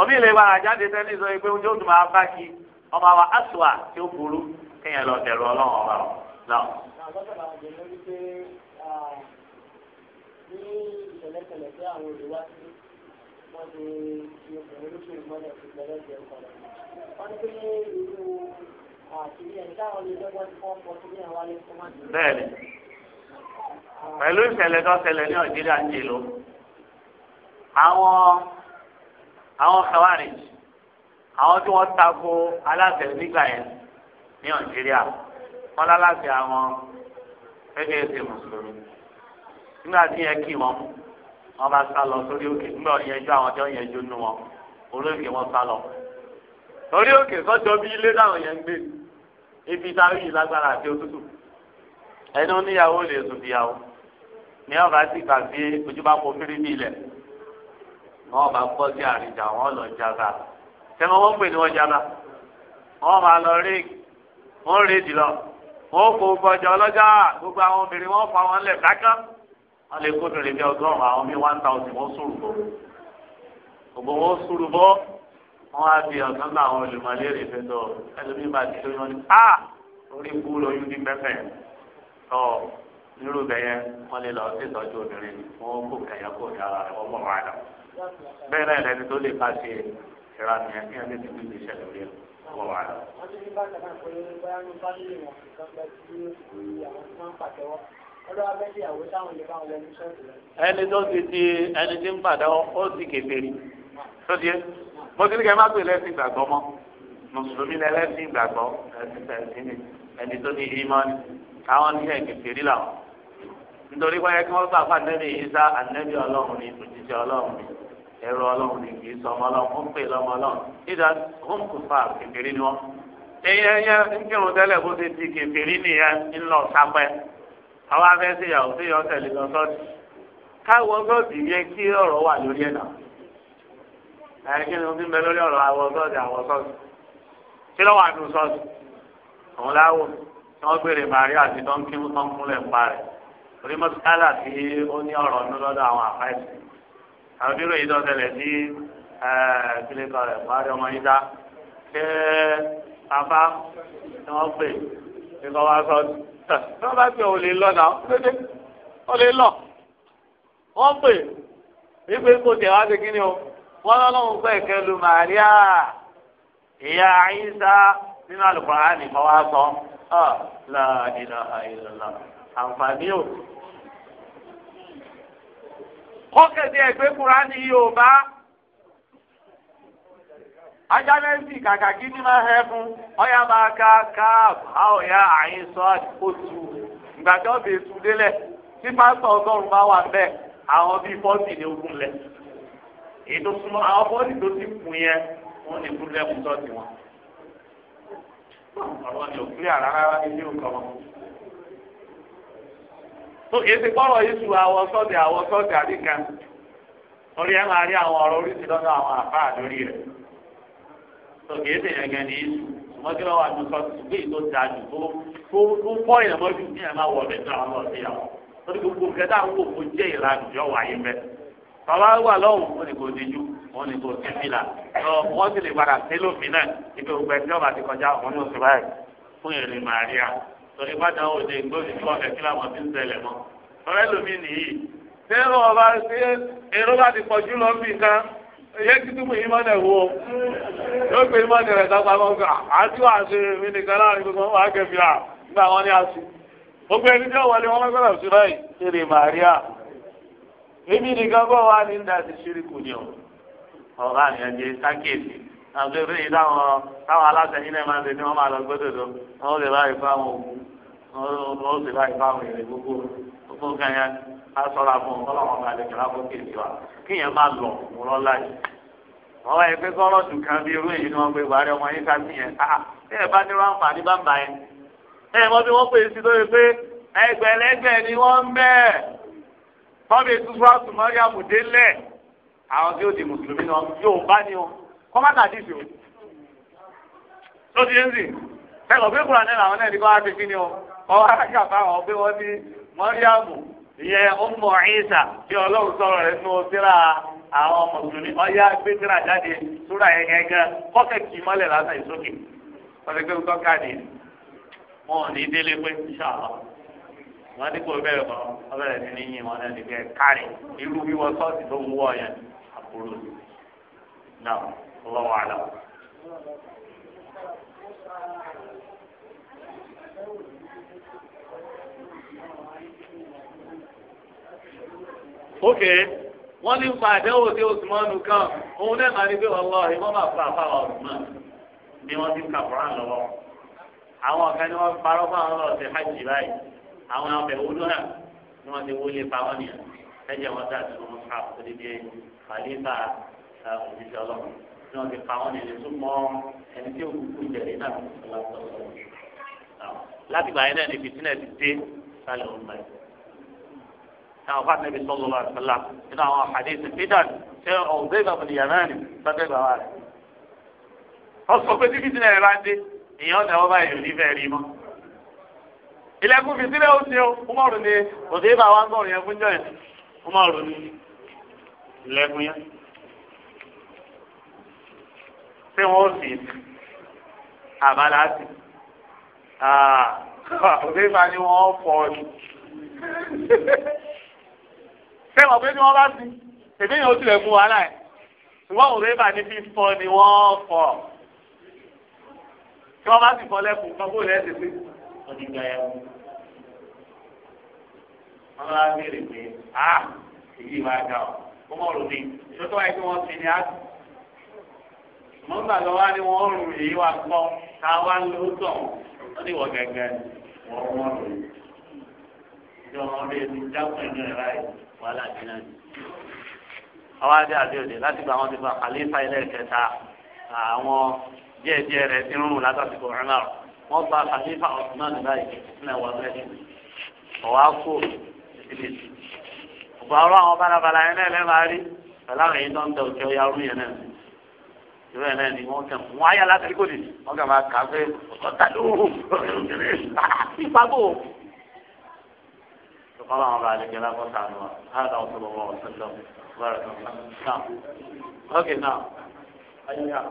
omi ìlẹ̀ wa àjáde sẹ́ni sọ pé oúnjẹ òdùnmọ̀ abá kí ọmọ burú kéèyàn lọ ọlọ́run ọba náà. pẹ̀lú ìṣẹ̀lẹ̀ tó ṣẹlẹ̀ ní nàìjíríà ń jè ló àwọn àwọn kawari àwọn tí wọ́n tako aláṣẹ nígbà yẹn ní nàìjíríà wọ́n láláṣẹ àwọn gẹ́gẹ́ ẹsẹ̀ mùsùlùmí nígbà tí yẹn kì wọ́n wọ́n bá sá lọ sórí òkè nígbà yẹn jó àwọn tí wọ́n yẹn jó nú wọn orí òkè wọ́n sá lọ orí òkè sọ́jọ́ bí ilé táwọn yẹn gbé ibi táwọn yìí lágbára àti òtútù ẹni oníyàwó lè sùn fìyàwó ní ọba sì kà sí ojú bá kó fírí bí ilẹ̀ wọn bá gbọ́ sí àríjà wọn lọ jága sẹ́wọ́n wọ́n pè ní wọ́n jága wọ́n máa lọ rí wọ́n rí dìlọ wọ́n kó gbọ́jọ ọlọ́jà gbogbo àwọn obìnrin wọ́n fa wọn lẹ̀ dáká wọ́n lè kó obìnrin bí ọgọ́rùn-ún àwọn bíi one thousand wọ́n sùrù bọ́ òbò wọn sùrù bọ́ wọ́n á fi ọ̀sán náà àwọn olùmọ̀lẹ́rìí fẹ́ tọ́ ẹlòmíì bá ti lóyún wọn ni a ah! orí kú lóyún ní pẹ́pẹ́ tọ nírú bẹyẹ wọn lè lọ sí ìtọ́jú obìnrin wọn kò kẹyà kò ní ara rẹ wọn mọ wàhálà bẹ́ẹ̀ náà lẹni tó lè bá ṣe ìranù yẹn kí ẹni tó ti fi ṣẹlẹ̀ rí wọn mọ wàhálà. ẹni tó ti di ẹni tí ń pàtẹ́wọ́ ó ti kèfèrí tó di mo ti ní kẹ́ ẹ má pè lẹ́sìn ìgbàgbọ́ mọ́ mùsùlùmí lẹ́sìn ìgbàgbọ́ ẹni tó ní ìmọ̀ ni àwọn tí ẹ̀ kẹfìrí làwọn nítorí wáyé kí wọ́n bá fà nẹ́bí ìsá ànẹ́bí ọlọ́run ní ìtòjíṣẹ́ ọlọ́run ní ẹ̀rọ ọlọ́run ní kì í sọ ọmọ ọlọ́run ó ń pè lọ́mọ ọlọ́run ìdá òun kò fà kẹfìrí ni wọ́n. ẹyẹ ẹyẹ ń kírun tẹ́lẹ̀ bó ti di kẹfìrí nìyẹn ń lọ sápẹ́ àwọn afẹ́ sí ìyàwó sí ìyàwó tẹ̀lé lọ sọ́ọ̀tì káwọn sọ́ọ̀tì yẹ kí ọ̀rọ̀ wà lórí ẹ̀ náà ẹ̀kí ni mo ti bẹ lórí ọ̀rọ̀ àwọn sọ́ọ̀tì àwọn sọ́ọ̀tì kí lọ́wọ́ àdùn sọ́ọ̀tì tí wọ́n béèrè màríà àti dọ́ńkí tó ń kúnlẹ̀ ń pa rẹ̀ orí mọ́sálà tí ó ní ọ̀rọ̀ ní lọ́dọ̀ àwọn àfáìsì àwọn bí ròyìn tó tẹ̀lẹ̀ sí kílíkọ̀ rẹ̀ parí ọmọ yín dá ṣé bàbá tí wọ́n pè é kọ́ wá sọ tí wọ́n bá pè ò lè lọ náà dédé ó lè lọ wọ́n pè wípé kò tẹ̀ wá sí kíni o wọ́n lọ́lọ́run pẹ̀ kẹlu màríà ìyá àyíṣà nínú àlùkò ah la ilaha illallah àǹfààní o. kọ́kẹ́tì ẹgbẹ́ kúránì yorùbá ajánẹ́sì kàkà kí ni máa hẹ́ fún ọ̀yà máa ka káàb àwòyá àyínsọ́ àtìkótù ìgbà tí wọ́n bèè tún délẹ̀ tí pásítọ̀ ọgọ́rùn-ún bá wà bẹ́ẹ̀ àwọn bíi fọ́ọ̀tì ní ogun lẹ̀ èyí súnmọ́ àwọn fọ́ọ̀tì tó ti kù yẹn wọ́n lè kú tọ́sí wọn ọ̀rọ̀ tó kìí ti kọ́rọ̀ yìí su àwọ̀ sọ́ọ̀dì àwọ̀ sọ́ọ̀dì àdìkà orí ẹ̀ máa rí àwọn ọ̀rọ̀ oríṣi lọ́dọ̀ àwọn àfa àdórí rẹ̀ tó kìí ti yẹn gẹ̀ẹ́ni yìí su mọ́tí wà ní sọ́ọ̀dì gbé ìtò dájú tó tó pọ́ ìrànmọ́jú ní ẹ̀ máa wọ̀ ọ̀dẹ̀ tó àwọn ọ̀dẹ̀ yàwó torí gbogbo kẹta àwọn òkú jẹ́ ìlànà ìjọ wáyé mẹ́ta bàbá wà lọ́wọ́ wọn ni kò díjú wọn ni kò sí fìlà wọn sì lè padà sí lófin náà ibi ògbẹ tí ọba ti kọjá wọn ni oṣù báyìí fún ìrìn màríà torí bàtà òde gbòòdì tí wọn fẹ́ kí làwọn ti ń tẹlẹ mọ ọ̀rẹ́ lómi nìyí ṣé ọba ṣé èrò bá ti pọ̀jù lọ bí kan yẹ kí tó mú ìmọ̀lẹ̀ wo yóò gbé ìmọ̀lẹ̀ rẹ̀ dápá mọ́ gbà àti wà ṣe mí nìkan láàrin gbogbo wọn wà kẹfì à nígbà wọn ni a sì èmi nìkan bọ̀ wá ní dàsí ṣíríkù ni o ọ̀rọ̀ àyàn jẹ sákèsì àgbẹ̀fẹ́ yìí táwọn táwọn aláṣẹ yìí náà máa ń ṣe ní wọ́n máa lọ gbọ́dọ̀ lọ wọ́n lè báyìí fáwọn òkú wọ́n lè báyìí fáwọn èrè gbogbo gbogbo nǹkan yẹn á sọ̀rọ̀ àfọ̀ ọlọ́wọ́n bá lè kẹ́lá fún kèsì wa kíyẹn má lọ wọ́n láyé wọ́n wáyé pé kọ́rọ́ dùn kan bí irú èyí ni wọ́n pe ìbàdí ọmọ yín sáà nìyẹn ah, ah. ẹ bá ní ráǹfààní bá ń bá yẹn ẹ mọ bí wọ́n pè é sí lórí pé ẹgbẹ̀lẹ́gbẹ̀ ni wọ́n ń bẹ́ẹ̀. tọ́bi ìtúsú àtùmọ́rí àmùdé lẹ̀ àwọn tí o di mùsùlùmí na yóò bá o kọ́mátà dìbò tó ti ń sìn kẹ́kọ̀ọ́ pé kúrò náà làwọn náà ní kọ́ wá ti ni o kọ́ wá kà bá wọn pé wọ́n ní mọ́ríàmù ìyẹn ọmọ ìsà tí ọlọ́run sọ̀rọ̀ síra àwọn mùsùlùmí ọyá gbé síra jáde yẹn kì í lásán ìsókè wọn dípò bẹ́ẹ̀ kọ́ ọbẹ̀rẹ̀ sí ní yìn wọn náà nígbà kárì irú wíwọ sọ́ọ̀sì tó ń wọ̀ yẹn àbúrò náà ọlọ́wọ́ àlọ́. ókè wọ́n ní fa àdéhùn tí osùmọ́nù kan òun náà máa ní pé ọlọ́ọ̀hìn wọ́n máa fa àfàwọ̀ ọ̀sùnmọ́n bí wọ́n ti ń kàfọ́ràn lọ́wọ́ àwọn kan ní wọ́n parọ́ fún àwọn ọ̀sẹ̀ hajj báyìí àwọn ọbẹ̀ wo lọ́ra ni wọ́n ti wọlé pa wọ́n nìyẹn ẹ̀jẹ̀ wọn dà sínú mọ́tà òdi bíi kàlífà òṣìṣẹ́ ọlọ́run ni wọ́n ti pa wọ́n nìyẹn tó mọ ẹni tí òkùnkùn jẹ̀lé náà láti gbà yẹn náà ni fìtínà ti dé sálẹ̀ ọ̀nà ẹ̀ náà wọ́n fàtẹ́ bí sọ́lọ́ lọ́wọ́ àtàlà nínú àwọn àhàdéhìsì fídàn ṣé ọ̀gbẹ́ ìgbà ilẹ̀kùn fi sílẹ̀ ó ṣe o kúmọ̀rún ni òsè bá wa ń bọ̀rùn yẹn fún jọ yẹn kúmọ̀rún ni ilẹ̀kùn yẹn ṣé wọn ó sì àbálá sí òsè bá ní wọn fọ ọ ni ṣé wọn pé ní wọn bá sí èmi yẹn ó tilẹ̀ fún wàhálà yẹn ṣùgbọ́n òsè bá ní fífọ ni wọ́n fọ tí wọ́n bá sì fọ lẹ́kùn kan kó lẹ́sẹ̀ sí wọ́n ti gba ẹ̀wù. wọ́n máa béèrè pé a èyí máa ga ọ́ wọ́n mọ̀ lómi lọ́tọ́ wáyé pé wọ́n ti ní àdù. mọ̀ nígbà tó wá ní wọ́n rù èyí wà pọ̀ ká wá ló tọ̀ wọ́n ní wọ́n gẹ́gẹ́ wọ́n wọ́n rù. ìjọ ọmọdé ti dákun ẹ̀mí rẹ̀ láì wàhálà nínú ẹ̀ àwọn adé àti òde láti gba àwọn ti fa àlééfà ilé ìkẹta àwọn díẹ̀díẹ̀ rẹ̀ ti rún un látàsìkò rẹ̀ náà wọ́n gba àlífà ọ̀túnmá ní báyìí ní ẹ̀wọ̀n mẹ́rin ọ̀wá kó ìdílé sí. ọ̀gbà ọ̀rọ̀ àwọn balabala yẹn náà lẹ́ẹ̀ máa rí pẹ̀lú àwọn èyí tó ń tẹ òkè ọ̀yà ọ̀rú yẹn náà ìrọ̀ yẹn náà ni wọ́n kàn wọ́n ayé alákàrí kò dì wọ́n kàn máa kà pé ọ̀tá ló ìfagbó. سبحان الله على كلام وسعد هذا وصلى الله وسلم بارك الله نعم اوكي نعم اي نعم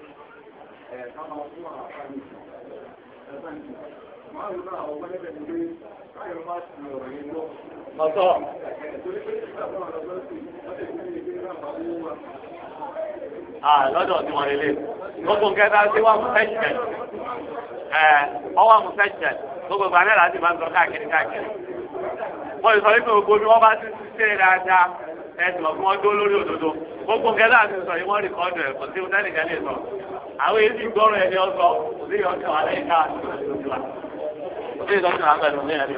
Mọ̀tọ́. Ah, lọ́dọ̀ tí wọ́n lè Gbogbo nǹkan tá a ṣe mú fẹ́ṣẹ̀. Ọwọ́ mú fẹ́ṣẹ̀. Gbogbo ìgbà náà láti máa ń sọ káàkiri káàkiri. Wọ́n sọ wípé gbogbo bí wọ́n bá ti ṣe dáadáa ẹ̀sìn ọ̀gbọ́n dó lórí òdodo. Gbogbo nǹkan tá a wọ́n rìkọ́dù ẹ̀ sí àwọn èsì gbọ́rọ̀ ẹni ọ̀sọ́ òsì ọ̀sọ́ alẹ́ ká òsì ọ̀sọ́ àgbẹ̀ ló ń bẹ̀rẹ̀